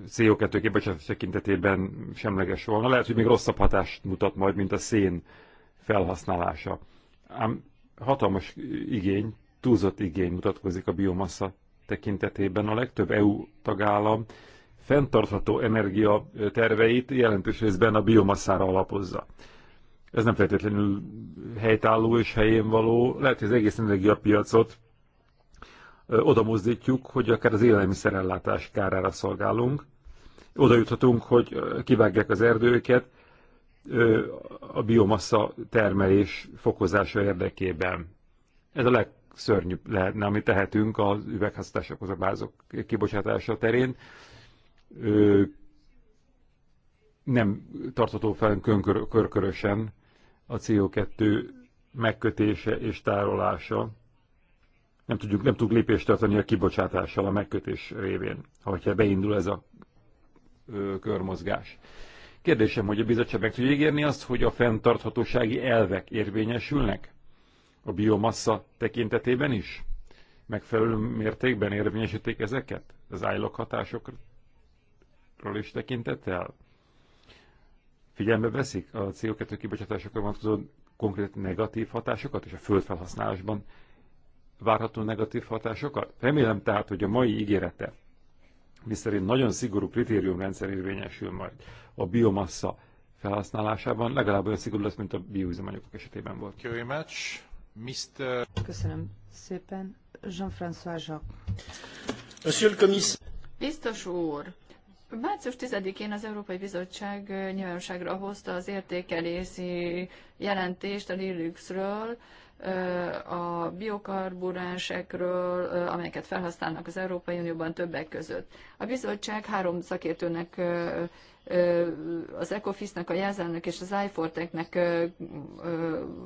CO2 kibocsátás tekintetében semleges volna. Lehet, hogy még rosszabb hatást mutat majd, mint a szén felhasználása. Ám hatalmas igény, túlzott igény mutatkozik a biomassa tekintetében. A legtöbb EU tagállam fenntartható energia terveit jelentős részben a biomasszára alapozza. Ez nem feltétlenül helytálló és helyén való. Lehet, hogy az egész energiapiacot oda mozdítjuk, hogy akár az élelmiszerellátás kárára szolgálunk. Oda juthatunk, hogy kivágják az erdőket a biomassa termelés fokozása érdekében. Ez a legszörnyűbb lehetne, amit tehetünk az üvegházatásokhoz a bázok kibocsátása terén. Nem tartható fel körkörösen a CO2 megkötése és tárolása. Nem tudjuk, nem tudjuk lépést tartani a kibocsátással a megkötés révén, ha beindul ez a ö, körmozgás. Kérdésem, hogy a bizottság meg tudja ígérni azt, hogy a fenntarthatósági elvek érvényesülnek a biomassa tekintetében is? Megfelelő mértékben érvényesítik ezeket? Az ájlok hatásokról is tekintettel? Figyelme veszik a CO2 kibocsátásokra vonatkozó konkrét negatív hatásokat és a földfelhasználásban várható negatív hatásokat? Remélem tehát, hogy a mai ígérete, miszerint nagyon szigorú kritériumrendszer érvényesül majd a biomassa felhasználásában, legalább olyan szigorú lesz, mint a bioüzemanyagok esetében volt. Köszönöm szépen. Jean-François Jacques. Monsieur le Biztos úr, Március 10-én az Európai Bizottság nyilvánosságra hozta az értékelési jelentést a Linuxről, a biokarburánsekről, amelyeket felhasználnak az Európai Unióban többek között. A bizottság három szakértőnek, az Ecofisnek a Jázának és az iForteknek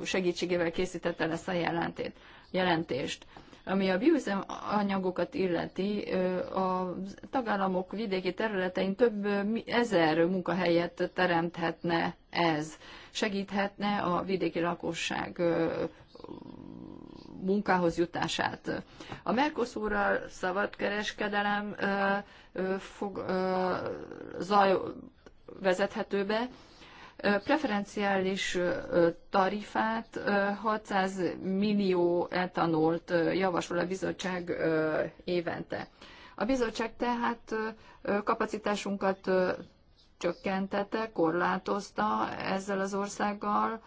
segítségével készítette ezt a jelentést. Ami a bioüzemanyagokat illeti, a tagállamok vidéki területein több ezer munkahelyet teremthetne ez. Segíthetne a vidéki lakosság munkához jutását. A Mercosurral szabadkereskedelem fog, zaj vezethető be, preferenciális tarifát 600 millió etanolt javasol a bizottság évente. A bizottság tehát kapacitásunkat csökkentette, korlátozta ezzel az országgal,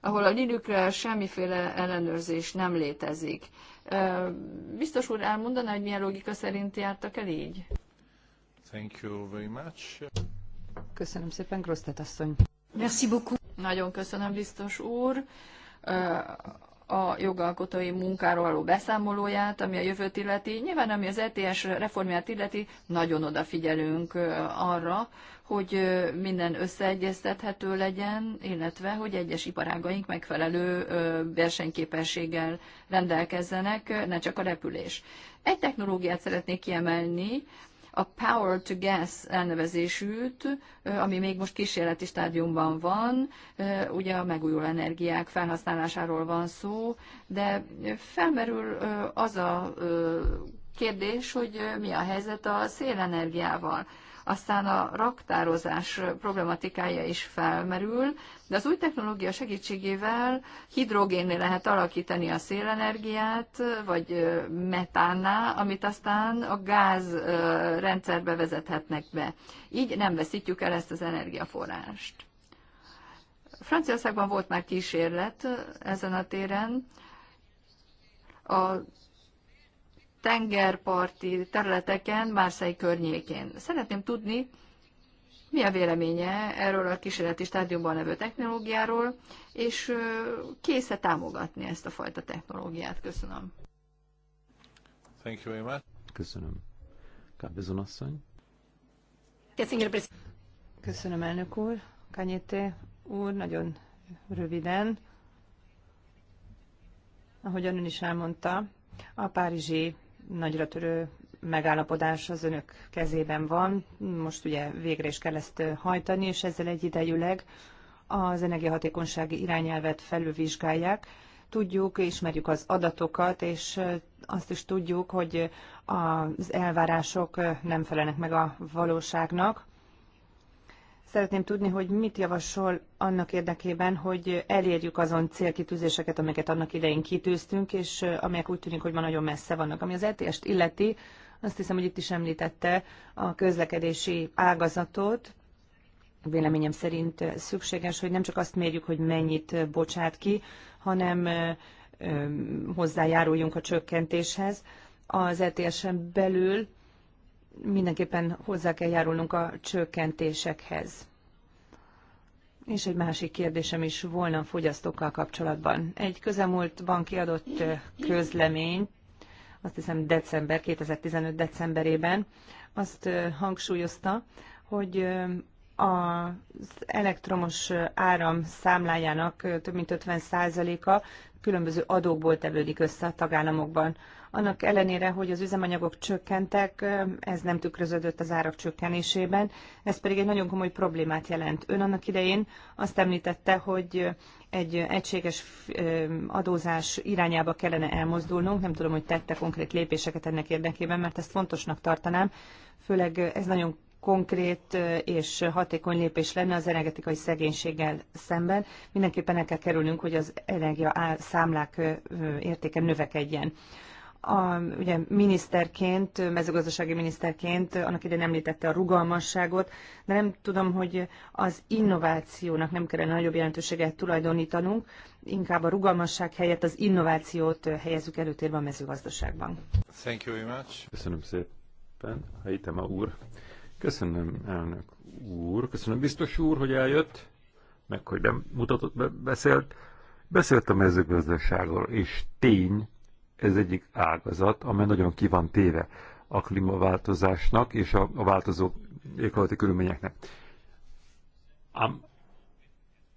ahol a linükre semmiféle ellenőrzés nem létezik. Biztos úr elmondaná, hogy milyen logika szerint jártak el így? Thank you very much. Köszönöm szépen, Grosztet asszony. Merci beaucoup. Nagyon köszönöm, biztos úr a jogalkotói munkáról való beszámolóját, ami a jövőt illeti. Nyilván, ami az ETS reformját illeti, nagyon odafigyelünk arra, hogy minden összeegyeztethető legyen, illetve, hogy egyes iparágaink megfelelő versenyképességgel rendelkezzenek, ne csak a repülés. Egy technológiát szeretnék kiemelni, a Power to Gas elnevezésűt, ami még most kísérleti stádiumban van, ugye a megújuló energiák felhasználásáról van szó, de felmerül az a kérdés, hogy mi a helyzet a szélenergiával. Aztán a raktározás problematikája is felmerül, de az új technológia segítségével hidrogénné lehet alakítani a szélenergiát, vagy metánná, amit aztán a gáz rendszerbe vezethetnek be. Így nem veszítjük el ezt az energiaforrást. Franciaországban volt már kísérlet ezen a téren. A tengerparti területeken, Márszai környékén. Szeretném tudni, mi a véleménye erről a kísérleti stádiumban levő technológiáról, és késze támogatni ezt a fajta technológiát? Köszönöm. Thank you very much. Köszönöm. Kábezon asszony. Köszönöm, elnök úr. Kanyete úr, nagyon röviden, ahogyan ön is elmondta, a párizsi nagyra törő megállapodás az önök kezében van. Most ugye végre is kell ezt hajtani, és ezzel egyidejűleg az energiahatékonysági irányelvet felülvizsgálják. Tudjuk, ismerjük az adatokat, és azt is tudjuk, hogy az elvárások nem felelnek meg a valóságnak. Szeretném tudni, hogy mit javasol annak érdekében, hogy elérjük azon célkitűzéseket, amelyeket annak idején kitűztünk, és amelyek úgy tűnik, hogy ma nagyon messze vannak. Ami az ETS-t illeti, azt hiszem, hogy itt is említette a közlekedési ágazatot, véleményem szerint szükséges, hogy nem csak azt mérjük, hogy mennyit bocsát ki, hanem hozzájáruljunk a csökkentéshez. Az ETS-en belül mindenképpen hozzá kell járulnunk a csökkentésekhez. És egy másik kérdésem is volna a fogyasztókkal kapcsolatban. Egy közelmúltban kiadott közlemény, azt hiszem december, 2015 decemberében, azt hangsúlyozta, hogy az elektromos áram számlájának több mint 50%-a különböző adókból tevődik össze a tagállamokban. Annak ellenére, hogy az üzemanyagok csökkentek, ez nem tükröződött az árak csökkenésében, ez pedig egy nagyon komoly problémát jelent. Ön annak idején azt említette, hogy egy egységes adózás irányába kellene elmozdulnunk. Nem tudom, hogy tette konkrét lépéseket ennek érdekében, mert ezt fontosnak tartanám. Főleg ez nagyon konkrét és hatékony lépés lenne az energetikai szegénységgel szemben. Mindenképpen el kell kerülnünk, hogy az energia számlák értéke növekedjen a, ugye miniszterként, mezőgazdasági miniszterként annak idején említette a rugalmasságot, de nem tudom, hogy az innovációnak nem kellene nagyobb jelentőséget tulajdonítanunk, inkább a rugalmasság helyett az innovációt helyezzük előtérbe a mezőgazdaságban. Thank you very much. Köszönöm szépen, Haitema úr. Köszönöm, elnök úr. Köszönöm, biztos úr, hogy eljött, meg hogy nem mutatott, be, beszélt. Beszélt a mezőgazdaságról, és tény, ez egyik ágazat, amely nagyon ki van téve a klímaváltozásnak és a, a változó éghajlati körülményeknek. Ám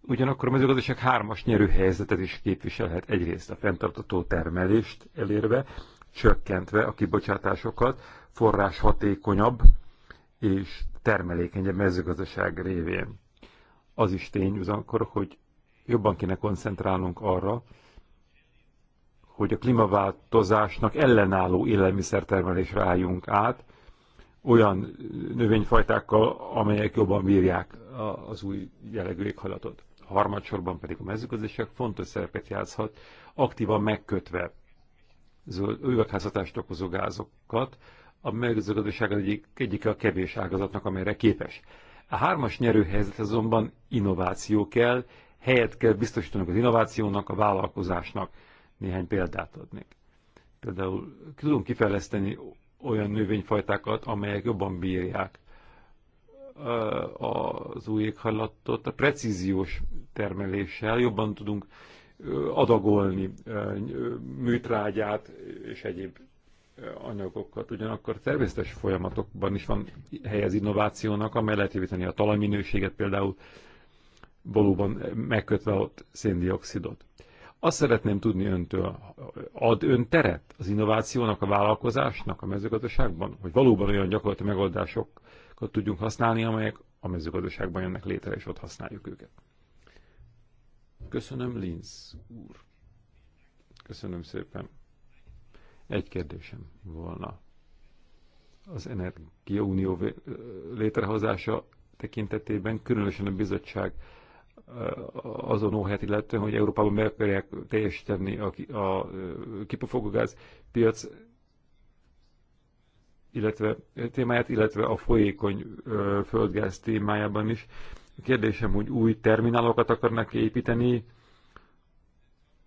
ugyanakkor a mezőgazdaság hármas nyerő helyzetet is képviselhet egyrészt a fenntartató termelést elérve, csökkentve a kibocsátásokat, forrás hatékonyabb és termelékenyebb mezőgazdaság révén. Az is tény ugyanakkor, hogy jobban kéne koncentrálnunk arra, hogy a klímaváltozásnak ellenálló élelmiszertermelésre álljunk át, olyan növényfajtákkal, amelyek jobban bírják az új jellegű éghajlatot. Harmadsorban pedig a mezőgazdaság fontos szerepet játszhat, aktívan megkötve üvegházhatást okozó gázokat, a mezőgazdaság egyik, egyik a kevés ágazatnak, amelyre képes. A hármas nyerőhelyzet azonban innováció kell, helyet kell biztosítanunk az innovációnak, a vállalkozásnak. Néhány példát adnék. Például tudunk kifejleszteni olyan növényfajtákat, amelyek jobban bírják az új éghajlatot, a precíziós termeléssel jobban tudunk adagolni műtrágyát és egyéb anyagokat. Ugyanakkor természetes folyamatokban is van hely az innovációnak, amely lehet javítani a talajminőséget, például valóban megkötve ott széndiokszidot. Azt szeretném tudni öntől, ad ön teret az innovációnak, a vállalkozásnak a mezőgazdaságban, hogy valóban olyan gyakorlati megoldásokat tudjunk használni, amelyek a mezőgazdaságban jönnek létre, és ott használjuk őket. Köszönöm, Linz úr. Köszönöm szépen. Egy kérdésem volna. Az Energiaunió létrehozása tekintetében, különösen a bizottság azon óhát illetve, hogy Európában meg akarják teljesíteni a, a kipufogógáz piac illetve témáját, illetve a folyékony ö, földgáz témájában is. A kérdésem, hogy új terminálokat akarnak építeni,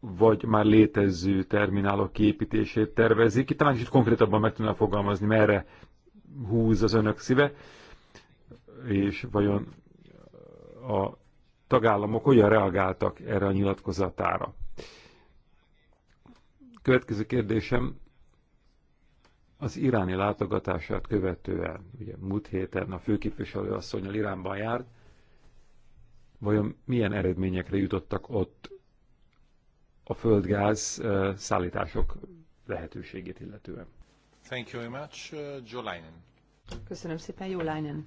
vagy már létező terminálok kiépítését tervezik. Itt talán is konkrétabban meg tudnám fogalmazni, merre húz az önök szíve, és vajon a tagállamok hogyan reagáltak erre a nyilatkozatára. Következő kérdésem az iráni látogatását követően, ugye múlt héten a főképviselő asszonyal Iránban járt, vajon milyen eredményekre jutottak ott a földgáz szállítások lehetőségét illetően? Thank you very much, uh, Joe Köszönöm szépen, Jó Leinen.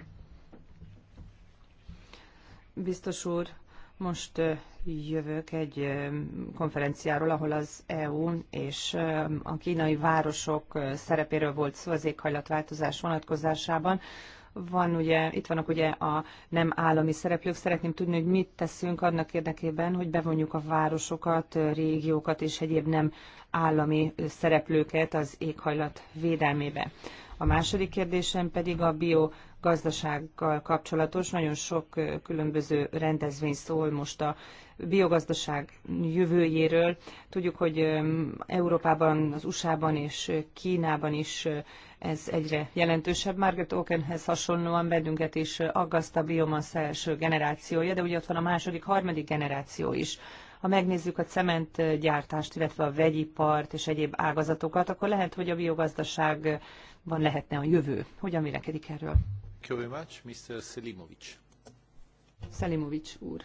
Biztos úr, most jövök egy konferenciáról, ahol az EU és a kínai városok szerepéről volt szó az éghajlatváltozás vonatkozásában. Van ugye, itt vannak ugye a nem állami szereplők. Szeretném tudni, hogy mit teszünk annak érdekében, hogy bevonjuk a városokat, régiókat és egyéb nem állami szereplőket az éghajlat védelmébe. A második kérdésem pedig a bio gazdasággal kapcsolatos. Nagyon sok különböző rendezvény szól most a biogazdaság jövőjéről. Tudjuk, hogy Európában, az USA-ban és Kínában is ez egyre jelentősebb. Margaret Okenhez hasonlóan bennünket is aggaszt a biomasz első generációja, de ugye ott van a második, harmadik generáció is ha megnézzük a cementgyártást, illetve a vegyipart és egyéb ágazatokat, akkor lehet, hogy a biogazdaságban lehetne a jövő. Hogyan vélekedik erről? Thank you very much, Mr. Selimovic. Selimovic úr.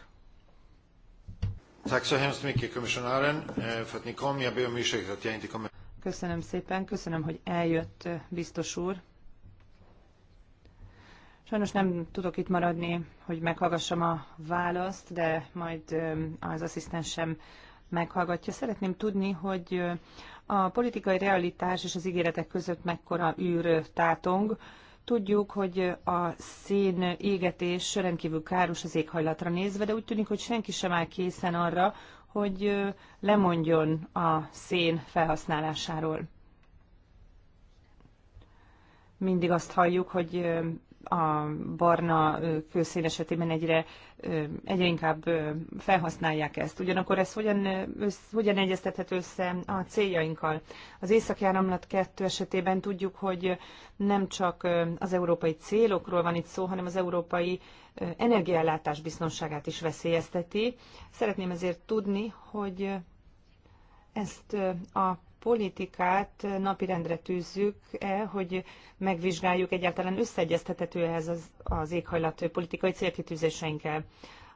Tack så hemskt mycket, kommissionären, eh, för att ni kom. Jag ber om ursäkt att jag inte kommer. Köszönöm szépen, köszönöm, hogy eljött, eh, biztos úr. Sajnos nem tudok itt maradni, hogy meghallgassam a választ, de majd eh, az asszisztensem meghallgatja. Szeretném tudni, hogy a politikai realitás és az ígéretek között mekkora űr tátong, Tudjuk, hogy a szén égetés rendkívül káros az éghajlatra nézve, de úgy tűnik, hogy senki sem áll készen arra, hogy lemondjon a szén felhasználásáról. Mindig azt halljuk, hogy a barna főszén esetében egyre, egyre inkább felhasználják ezt. Ugyanakkor ez hogyan, hogyan egyeztethet össze a céljainkkal? Az Északjáramlat 2 esetében tudjuk, hogy nem csak az európai célokról van itt szó, hanem az európai energiállátás biztonságát is veszélyezteti. Szeretném ezért tudni, hogy ezt a politikát napirendre tűzzük-e, hogy megvizsgáljuk egyáltalán összeegyeztethető ehhez az, az éghajlat politikai célkitűzéseinkkel.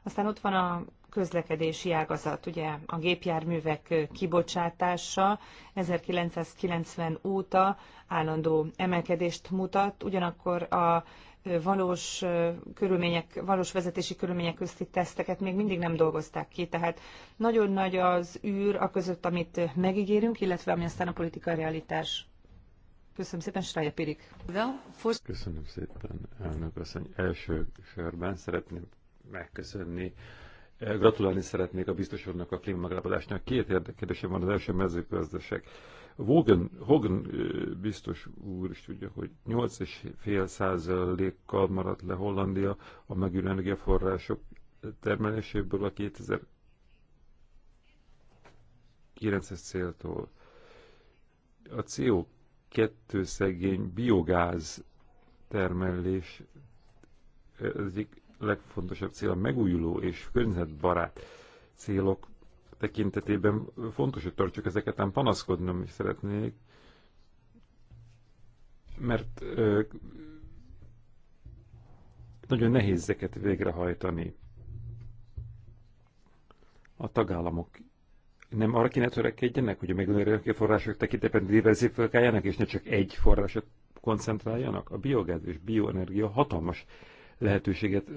Aztán ott van a közlekedési ágazat, ugye a gépjárművek kibocsátása 1990 óta állandó emelkedést mutat, ugyanakkor a valós körülmények, valós vezetési körülmények közti teszteket még mindig nem dolgozták ki, tehát nagyon nagy az űr a között, amit megígérünk, illetve ami aztán a politika realitás. Köszönöm szépen, Srája Pirik. Köszönöm szépen, elnök asszony. Első sörben szeretném megköszönni Gratulálni szeretnék a biztos úrnak a klímamegállapodásnak. Két érdekérdésem van. Az első mezőgazdaság Hogan, Hogan biztos úr is tudja, hogy 8,5 százalékkal maradt le Hollandia a megülő energiaforrások termeléséből a 2009-es céltól. A CO2 szegény biogáz termelés egyik legfontosabb cél a megújuló és környezetbarát célok tekintetében fontos, hogy tartsuk ezeket, ám panaszkodnom is szeretnék, mert ö, nagyon nehéz ezeket végrehajtani. A tagállamok nem arra kéne törekedjenek, hogy a megújuló források tekintetében diverzifikáljanak, és ne csak egy forrásra koncentráljanak. A biogáz és bioenergia hatalmas lehetőséget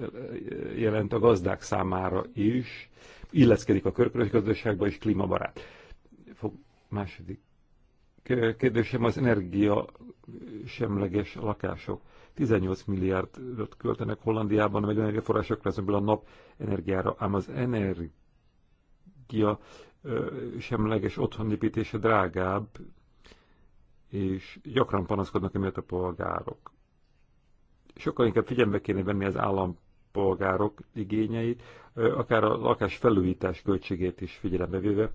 jelent a gazdák számára is, illeszkedik a körkörös gazdaságba és klímabarát. Fog, második kérdésem az energia semleges lakások. 18 milliárdot költenek Hollandiában meg energiaforrásokra, azonban a nap energiára, ám az energia semleges otthonépítése drágább, és gyakran panaszkodnak emiatt a polgárok sokkal inkább figyelme kéne venni az állampolgárok igényeit, akár a lakás felújítás költségét is figyelembe véve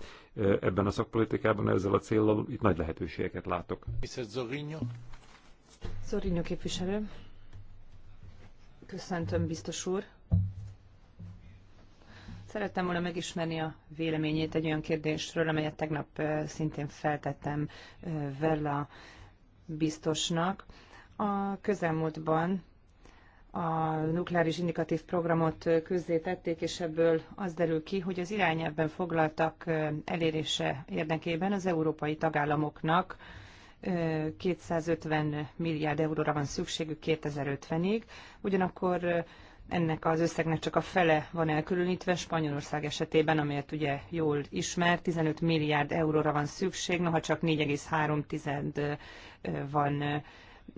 ebben a szakpolitikában ezzel a célral itt nagy lehetőségeket látok. Zorinho. Zorinho képviselő. Köszöntöm, biztos úr. Szerettem volna megismerni a véleményét egy olyan kérdésről, amelyet tegnap szintén feltettem Vella biztosnak. A közelmúltban a nukleáris indikatív programot közzétették, és ebből az derül ki, hogy az irányelvben foglaltak elérése érdekében az európai tagállamoknak 250 milliárd euróra van szükségük 2050-ig, ugyanakkor ennek az összegnek csak a fele van elkülönítve Spanyolország esetében, amelyet ugye jól ismer, 15 milliárd euróra van szükség, noha csak 4,3 van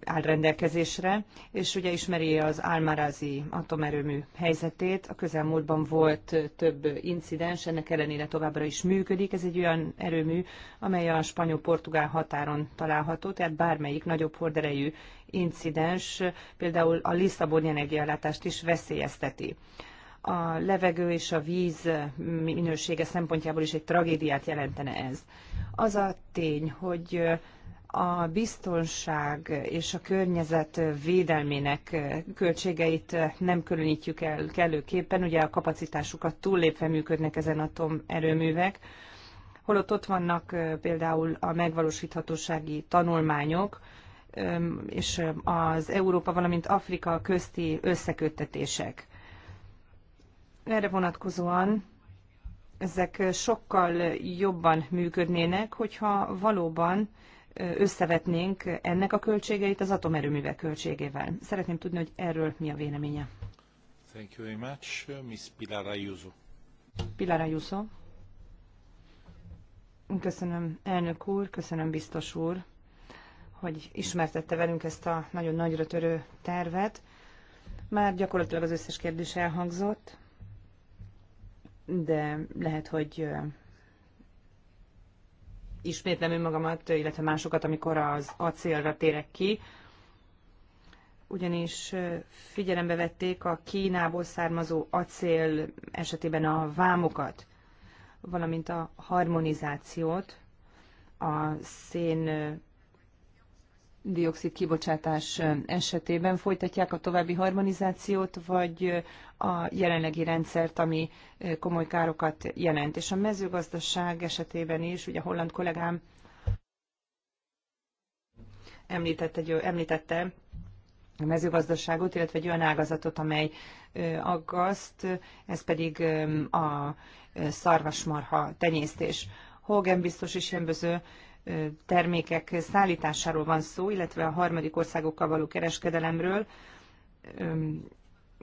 áll rendelkezésre, és ugye ismeri az Álmarázi atomerőmű helyzetét. A közelmúltban volt több incidens, ennek ellenére továbbra is működik. Ez egy olyan erőmű, amely a spanyol-portugál határon található, tehát bármelyik nagyobb horderejű incidens, például a Lisszaboni energiállátást is veszélyezteti a levegő és a víz minősége szempontjából is egy tragédiát jelentene ez. Az a tény, hogy a biztonság és a környezet védelmének költségeit nem különítjük el kellőképpen, ugye a kapacitásukat túllépve működnek ezen atomerőművek, holott ott vannak például a megvalósíthatósági tanulmányok, és az Európa, valamint Afrika közti összeköttetések. Erre vonatkozóan ezek sokkal jobban működnének, hogyha valóban összevetnénk ennek a költségeit az atomerőművek költségével. Szeretném tudni, hogy erről mi a véleménye. Thank you very much, Miss Pilar Ayuso. Pilar Ayuso. Köszönöm, elnök úr, köszönöm, biztos úr, hogy ismertette velünk ezt a nagyon nagyra törő tervet. Már gyakorlatilag az összes kérdés elhangzott, de lehet, hogy ismétlem önmagamat, illetve másokat, amikor az acélra térek ki, ugyanis figyelembe vették a Kínából származó acél esetében a vámokat, valamint a harmonizációt a szén dioxid kibocsátás esetében folytatják a további harmonizációt, vagy a jelenlegi rendszert, ami komoly károkat jelent. És a mezőgazdaság esetében is, ugye a holland kollégám említette, említette a mezőgazdaságot, illetve egy olyan ágazatot, amely aggaszt, ez pedig a szarvasmarha tenyésztés. Hogan biztos is jönböző termékek szállításáról van szó, illetve a harmadik országokkal való kereskedelemről.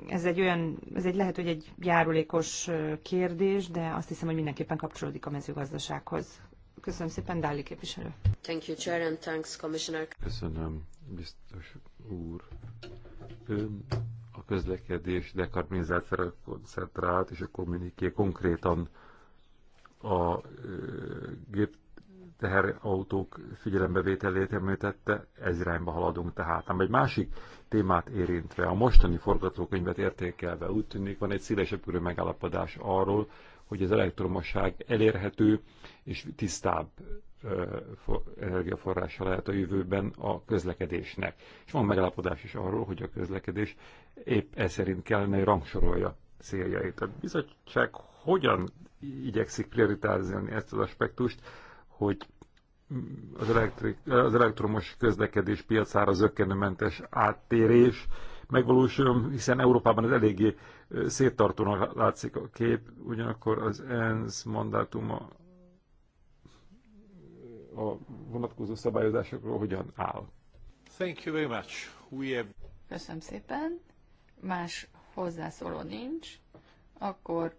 Ez egy olyan, ez egy lehet, hogy egy járulékos kérdés, de azt hiszem, hogy mindenképpen kapcsolódik a mezőgazdasághoz. Köszönöm szépen, Dáli képviselő. Thank you, Chair, and thanks, Commissioner. Köszönöm, biztos úr. Ön a közlekedés dekarbonizációra koncentrált, és a kommuniké konkrétan a gép teherautók figyelembevételét említette, ez irányba haladunk tehát. Ám egy másik témát érintve, a mostani forgatókönyvet értékelve úgy tűnik, van egy szélesebb körű megállapodás arról, hogy az elektromosság elérhető és tisztább energiaforrása lehet a jövőben a közlekedésnek. És van megállapodás is arról, hogy a közlekedés épp ez szerint kellene, hogy rangsorolja céljait. A bizottság hogyan igyekszik prioritázni ezt az aspektust, hogy az, elektrik, az elektromos közlekedés piacára zökkenőmentes áttérés megvalósuljon, hiszen Európában ez eléggé széttartónak látszik a kép, ugyanakkor az ENSZ mandátuma a vonatkozó szabályozásokról hogyan áll. Thank you very much. We have... Köszönöm szépen. Más hozzászóló nincs. Akkor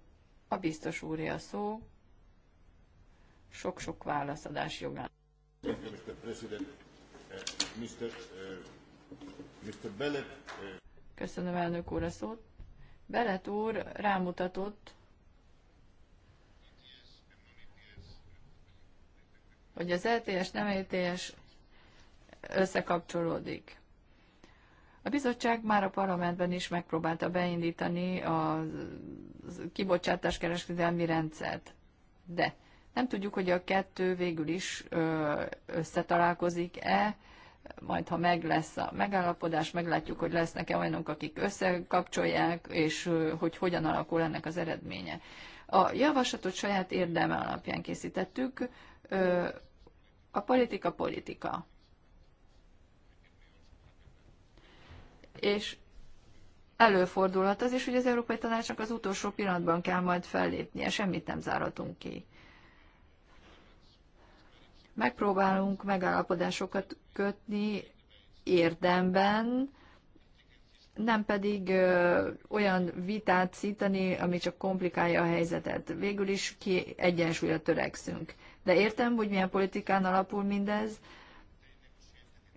a biztos úrja szó, sok-sok válaszadás jogán. Eh, eh, eh. Köszönöm elnök úr a szót. Belet úr rámutatott, hogy az LTS e nem LTS e összekapcsolódik. A bizottság már a parlamentben is megpróbálta beindítani a kibocsátáskereskedelmi rendszert, de nem tudjuk, hogy a kettő végül is összetalálkozik-e, majd ha meg lesz a megállapodás, meglátjuk, hogy lesznek-e olyanok, akik összekapcsolják, és hogy hogyan alakul ennek az eredménye. A javaslatot saját érdeme alapján készítettük. A politika politika. És előfordulhat az is, hogy az Európai Tanácsnak az utolsó pillanatban kell majd fellépnie, semmit nem záratunk ki megpróbálunk megállapodásokat kötni érdemben, nem pedig ö, olyan vitát szítani, ami csak komplikálja a helyzetet. Végül is ki egyensúlyra törekszünk. De értem, hogy milyen politikán alapul mindez,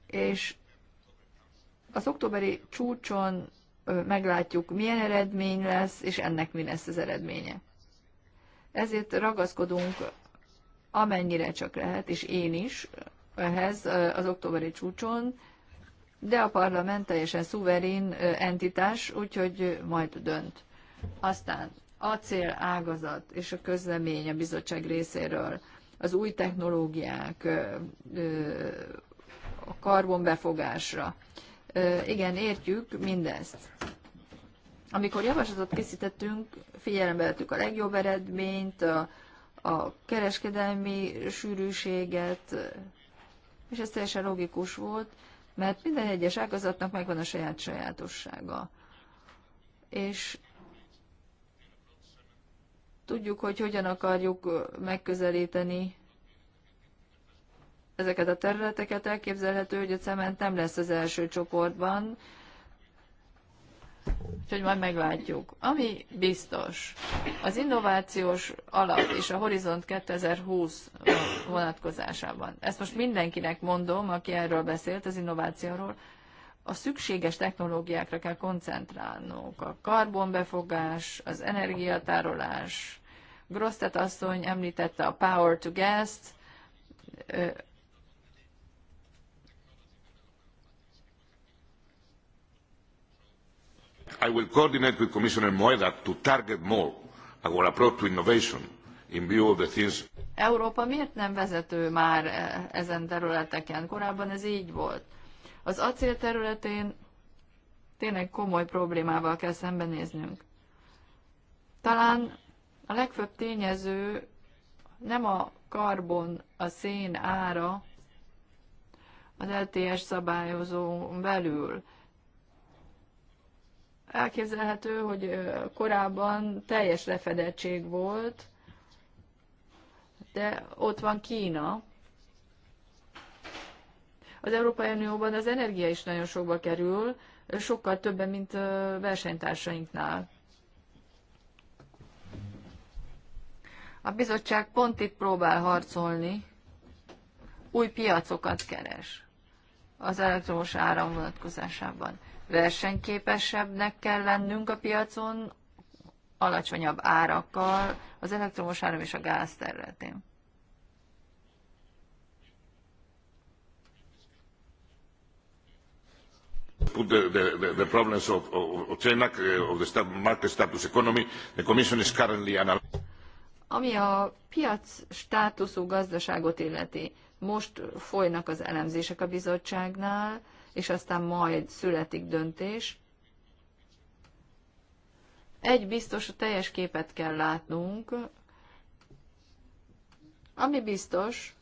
és az októberi csúcson ö, meglátjuk, milyen eredmény lesz, és ennek mi lesz az eredménye. Ezért ragaszkodunk amennyire csak lehet, és én is ehhez az októberi csúcson, de a parlament teljesen szuverén entitás, úgyhogy majd dönt. Aztán cél ágazat és a közlemény a bizottság részéről, az új technológiák, a karbonbefogásra. Igen, értjük mindezt. Amikor javaslatot készítettünk, figyelembe vettük a legjobb eredményt, a a kereskedelmi sűrűséget, és ez teljesen logikus volt, mert minden egyes ágazatnak megvan a saját sajátossága. És tudjuk, hogy hogyan akarjuk megközelíteni ezeket a területeket, elképzelhető, hogy a cement nem lesz az első csoportban, Úgyhogy majd meglátjuk. Ami biztos, az innovációs alap és a Horizont 2020 vonatkozásában. Ezt most mindenkinek mondom, aki erről beszélt, az innovációról, a szükséges technológiákra kell koncentrálnunk. A karbonbefogás, az energiatárolás, Grosztet asszony említette a Power to Gas-t, I will coordinate with Commissioner Moeda to target more our approach to innovation in view of the things. Európa miért nem vezető már eh, ezen területeken? Korábban ez így volt. Az acél területén tényleg komoly problémával kell szembenéznünk. Talán a legfőbb tényező nem a karbon, a szén ára az LTS szabályozón belül, Elképzelhető, hogy korábban teljes lefedettség volt, de ott van Kína. Az Európai Unióban az energia is nagyon sokba kerül, sokkal többen, mint versenytársainknál. A bizottság pont itt próbál harcolni, új piacokat keres az elektromos áram vonatkozásában versenyképesebbnek kell lennünk a piacon, alacsonyabb árakkal az elektromos áram és a gáz területén. put the, the, the problems of, of, of China, eh, of the market status economy, the Commission is currently analyzing. Ami a piac státuszú gazdaságot illeti, most folynak az elemzések a bizottságnál, és aztán majd születik döntés. Egy biztos, a teljes képet kell látnunk. Ami biztos,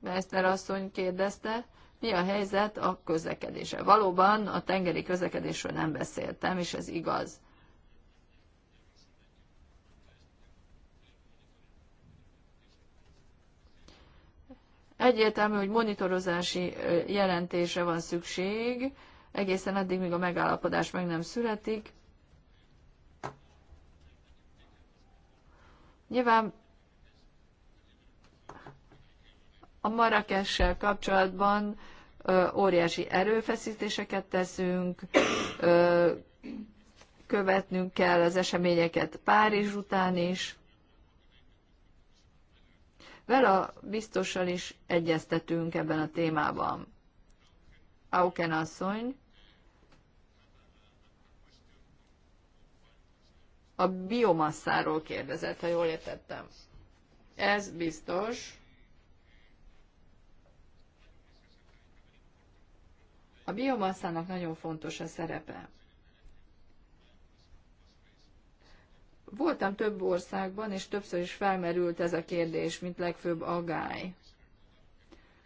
Meister asszony kérdezte, mi a helyzet a közlekedése. Valóban a tengeri közlekedésről nem beszéltem, és ez igaz. Egyértelmű, hogy monitorozási jelentése van szükség, egészen addig, míg a megállapodás meg nem születik. Nyilván a Marrakessel kapcsolatban óriási erőfeszítéseket teszünk, követnünk kell az eseményeket Párizs után is. Vela biztosan is egyeztetünk ebben a témában. Auken asszony a biomasszáról kérdezett, ha jól értettem. Ez biztos. A biomasszának nagyon fontos a szerepe. Voltam több országban, és többször is felmerült ez a kérdés, mint legfőbb agály.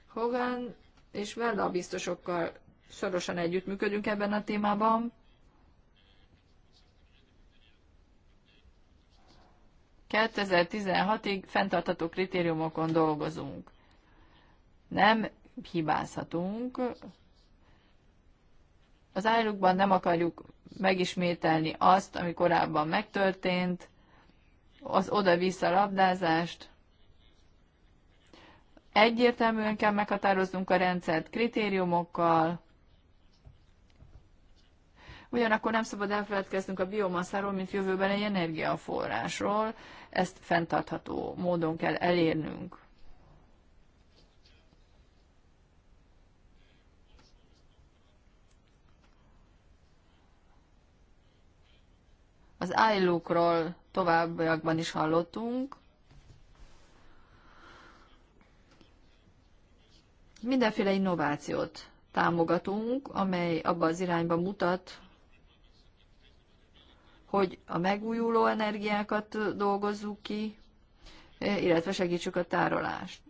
Hogan és Vella biztosokkal szorosan együttműködünk ebben a témában. ...2016-ig fenntartható kritériumokon dolgozunk. Nem hibázhatunk. Az állukban nem akarjuk megismételni azt, ami korábban megtörtént, az oda-vissza labdázást. Egyértelműen kell meghatároznunk a rendszert kritériumokkal, Ugyanakkor nem szabad elfeledkeznünk a biomaszáról, mint jövőben egy energiaforrásról, ezt fenntartható módon kell elérnünk. Az állókról továbbiakban is hallottunk. Mindenféle innovációt támogatunk, amely abba az irányba mutat, hogy a megújuló energiákat dolgozzuk ki, illetve segítsük a tárolást.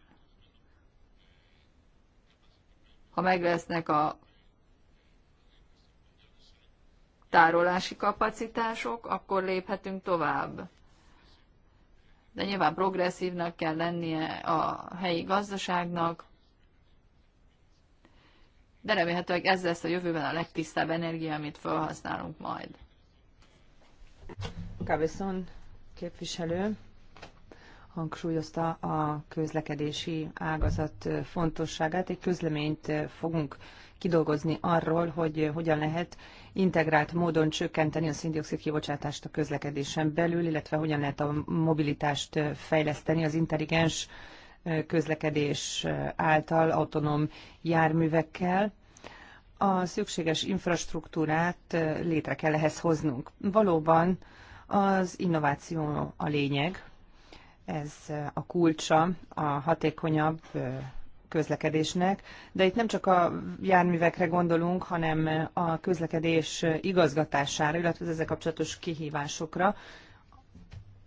Ha meglesznek a tárolási kapacitások, akkor léphetünk tovább. De nyilván progresszívnak kell lennie a helyi gazdaságnak, de remélhetőleg ez lesz a jövőben a legtisztább energia, amit felhasználunk majd. Kábeszon képviselő hangsúlyozta a közlekedési ágazat fontosságát. Egy közleményt fogunk kidolgozni arról, hogy hogyan lehet integrált módon csökkenteni a szindioxid kibocsátást a közlekedésen belül, illetve hogyan lehet a mobilitást fejleszteni az intelligens közlekedés által, autonóm járművekkel. A szükséges infrastruktúrát létre kell ehhez hoznunk. Valóban az innováció a lényeg, ez a kulcsa a hatékonyabb közlekedésnek, de itt nem csak a járművekre gondolunk, hanem a közlekedés igazgatására, illetve az ezzel kapcsolatos kihívásokra.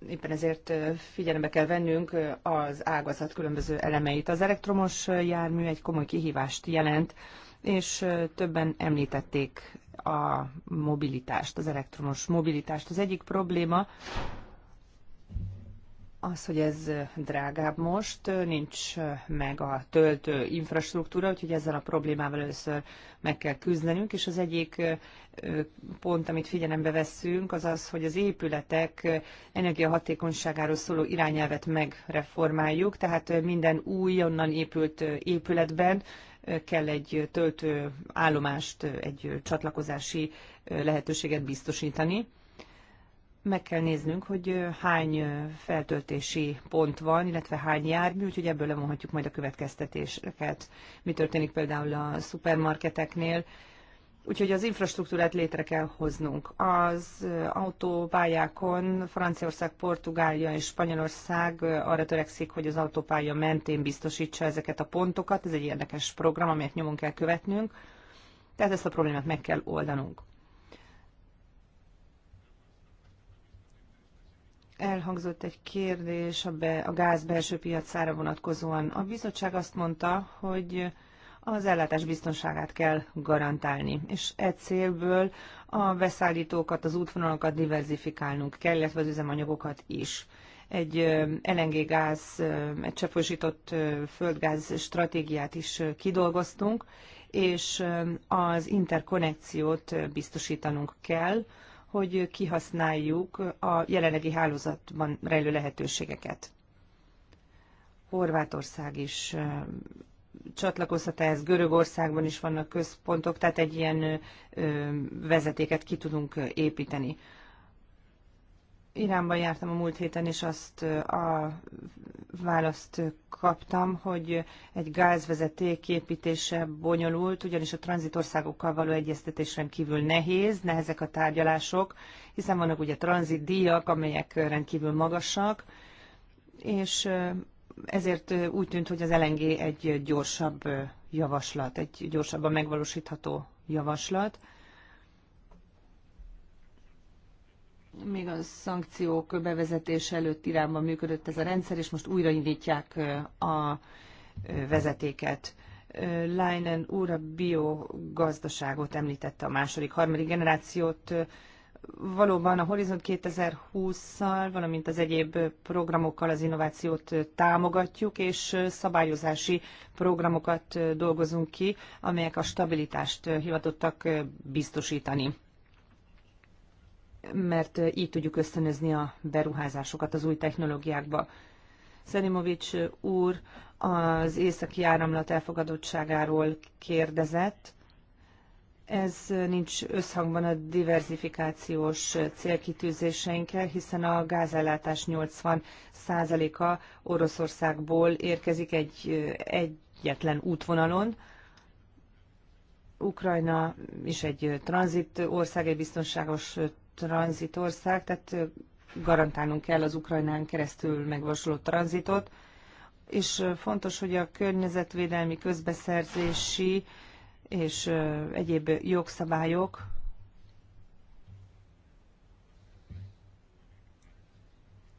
Éppen ezért figyelembe kell vennünk az ágazat különböző elemeit. Az elektromos jármű egy komoly kihívást jelent, és többen említették a mobilitást, az elektromos mobilitást. Az egyik probléma az, hogy ez drágább most, nincs meg a töltő infrastruktúra, úgyhogy ezzel a problémával először meg kell küzdenünk, és az egyik pont, amit figyelembe veszünk, az az, hogy az épületek energiahatékonyságáról szóló irányelvet megreformáljuk, tehát minden újonnan épült épületben kell egy töltő állomást, egy csatlakozási lehetőséget biztosítani meg kell néznünk, hogy hány feltöltési pont van, illetve hány jármű, úgyhogy ebből levonhatjuk majd a következtetéseket. Mi történik például a szupermarketeknél, Úgyhogy az infrastruktúrát létre kell hoznunk. Az autópályákon Franciaország, Portugália és Spanyolország arra törekszik, hogy az autópálya mentén biztosítsa ezeket a pontokat. Ez egy érdekes program, amelyet nyomon kell követnünk. Tehát ezt a problémát meg kell oldanunk. Elhangzott egy kérdés a, be, a gáz belső piacára vonatkozóan. A bizottság azt mondta, hogy az ellátás biztonságát kell garantálni, és e célből a beszállítókat, az útvonalakat diverzifikálnunk kell, illetve az üzemanyagokat is. Egy LNG gáz, egy csapósított földgáz stratégiát is kidolgoztunk, és az interkonnekciót biztosítanunk kell, hogy kihasználjuk a jelenlegi hálózatban rejlő lehetőségeket. Horvátország is csatlakozhat ehhez, Görögországban is vannak központok, tehát egy ilyen vezetéket ki tudunk építeni. Iránban jártam a múlt héten, és azt a választ kaptam, hogy egy gázvezeték építése bonyolult, ugyanis a tranzitországokkal való egyeztetésen kívül nehéz, nehezek a tárgyalások, hiszen vannak ugye tranzit díjak, amelyek rendkívül magasak, és ezért úgy tűnt, hogy az LNG egy gyorsabb javaslat, egy gyorsabban megvalósítható javaslat még a szankciók bevezetése előtt Iránban működött ez a rendszer, és most újraindítják a vezetéket. Leinen úr a biogazdaságot említette a második, harmadik generációt. Valóban a Horizont 2020-szal, valamint az egyéb programokkal az innovációt támogatjuk, és szabályozási programokat dolgozunk ki, amelyek a stabilitást hivatottak biztosítani mert így tudjuk ösztönözni a beruházásokat az új technológiákba. Szerimovics úr az északi áramlat elfogadottságáról kérdezett. Ez nincs összhangban a diversifikációs célkitűzéseinkkel, hiszen a gázellátás 80%-a Oroszországból érkezik egy egyetlen útvonalon. Ukrajna is egy tranzit ország, egy biztonságos tranzitország, tehát garantálnunk kell az Ukrajnán keresztül megvasoló tranzitot, és fontos, hogy a környezetvédelmi, közbeszerzési és egyéb jogszabályok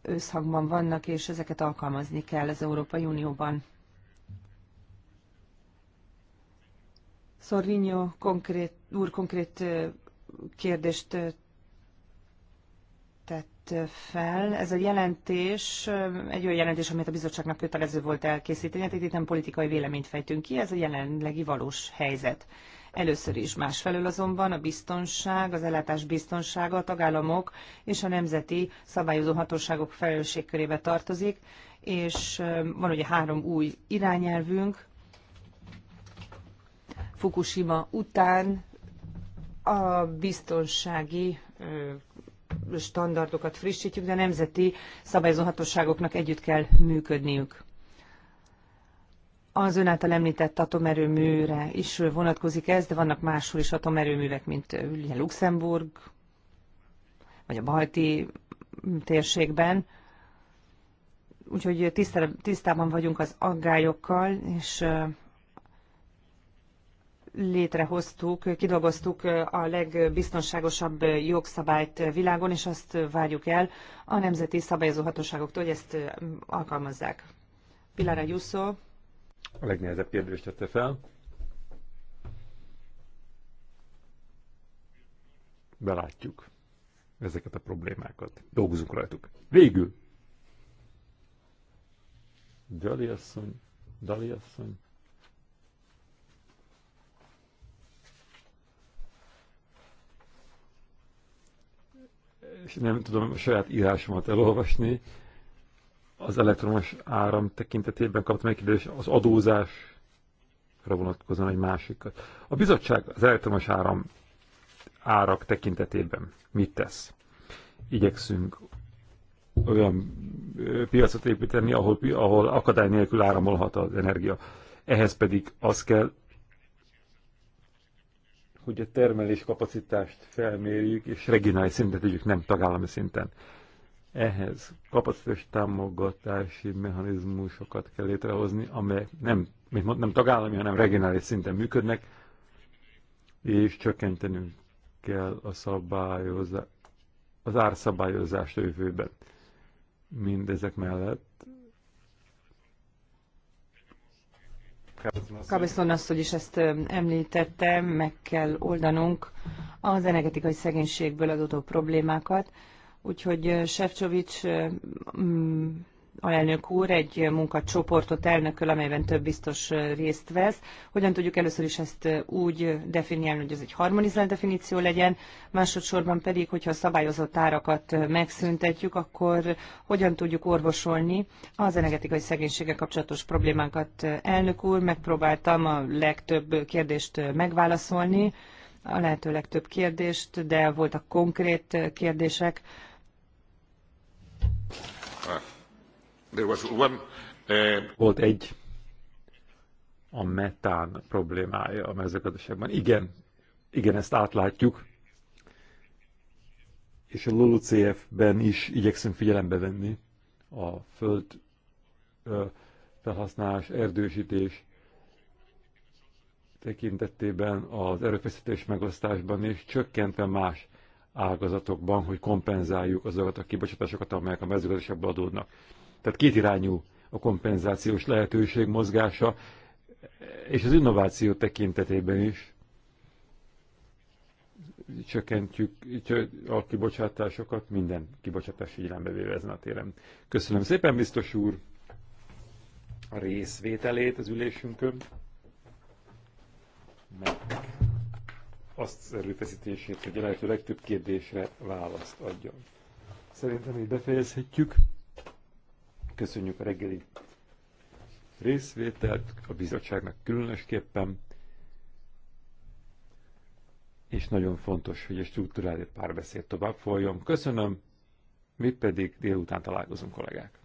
összhangban vannak, és ezeket alkalmazni kell az Európai Unióban. Szorvinyó konkrét, úr konkrét kérdést vetett fel. Ez a jelentés egy olyan jelentés, amit a bizottságnak kötelező volt elkészíteni, tehát itt nem politikai véleményt fejtünk ki, ez a jelenlegi valós helyzet. Először is másfelől azonban a biztonság, az ellátás biztonsága a tagállamok és a nemzeti szabályozó hatóságok felelősségkörébe tartozik, és van ugye három új irányelvünk, Fukushima után a biztonsági standardokat frissítjük, de nemzeti szabályozóhatóságoknak együtt kell működniük. Az ön által említett atomerőműre is vonatkozik ez, de vannak máshol is atomerőművek, mint Luxemburg, vagy a balti térségben. Úgyhogy tisztában vagyunk az aggályokkal, és létrehoztuk, kidolgoztuk a legbiztonságosabb jogszabályt világon, és azt várjuk el a nemzeti szabályozó hatóságoktól, hogy ezt alkalmazzák. Pilar Ayuso. A legnehezebb kérdést tette fel. Belátjuk ezeket a problémákat. Dolgozunk rajtuk. Végül! Dali asszony, Dali asszony. és nem tudom a saját írásomat elolvasni. Az elektromos áram tekintetében kaptam egy kérdést az adózásra vonatkozóan egy másikat. A bizottság az elektromos áram árak tekintetében mit tesz? Igyekszünk olyan piacot építeni, ahol, ahol akadály nélkül áramolhat az energia. Ehhez pedig az kell, hogy a termelés kapacitást felmérjük, és regionális szinten tegyük, nem tagállami szinten. Ehhez kapacitás támogatási mechanizmusokat kell létrehozni, amelyek nem, mint nem tagállami, hanem regionális szinten működnek, és csökkentenünk kell a szabályozás, az árszabályozást a jövőben. Mindezek mellett Kabeszon asszony is ezt említette, meg kell oldanunk az energetikai szegénységből adódó problémákat. Úgyhogy Sefcsovics alelnök úr egy munkacsoportot elnököl, amelyben több biztos részt vesz. Hogyan tudjuk először is ezt úgy definiálni, hogy ez egy harmonizált definíció legyen, másodszorban pedig, hogyha a szabályozott árakat megszüntetjük, akkor hogyan tudjuk orvosolni az energetikai szegénységgel kapcsolatos problémákat. Elnök úr, megpróbáltam a legtöbb kérdést megválaszolni, a lehető legtöbb kérdést, de voltak konkrét kérdések. Ah. Eh, Volt egy a metán problémája a mezőgazdaságban. Igen, igen, ezt átlátjuk, és a LULUCF-ben is igyekszünk figyelembe venni a föld ö, felhasználás, erdősítés tekintetében, az erőfeszítés megosztásban és csökkentve más ágazatokban, hogy kompenzáljuk azokat a kibocsátásokat, amelyek a mezőgazdaságban adódnak. Tehát kétirányú a kompenzációs lehetőség mozgása, és az innováció tekintetében is csökkentjük a kibocsátásokat, minden kibocsátás figyelembe véve ezen a téren. Köszönöm szépen, biztos úr, a részvételét az ülésünkön, meg azt erőfeszítését, hogy a lehető legtöbb kérdésre választ adjon. Szerintem így befejezhetjük. Köszönjük a reggeli részvételt a bizottságnak különösképpen, és nagyon fontos, hogy a struktúrális párbeszéd tovább folyjon. Köszönöm, mi pedig délután találkozunk, kollégák.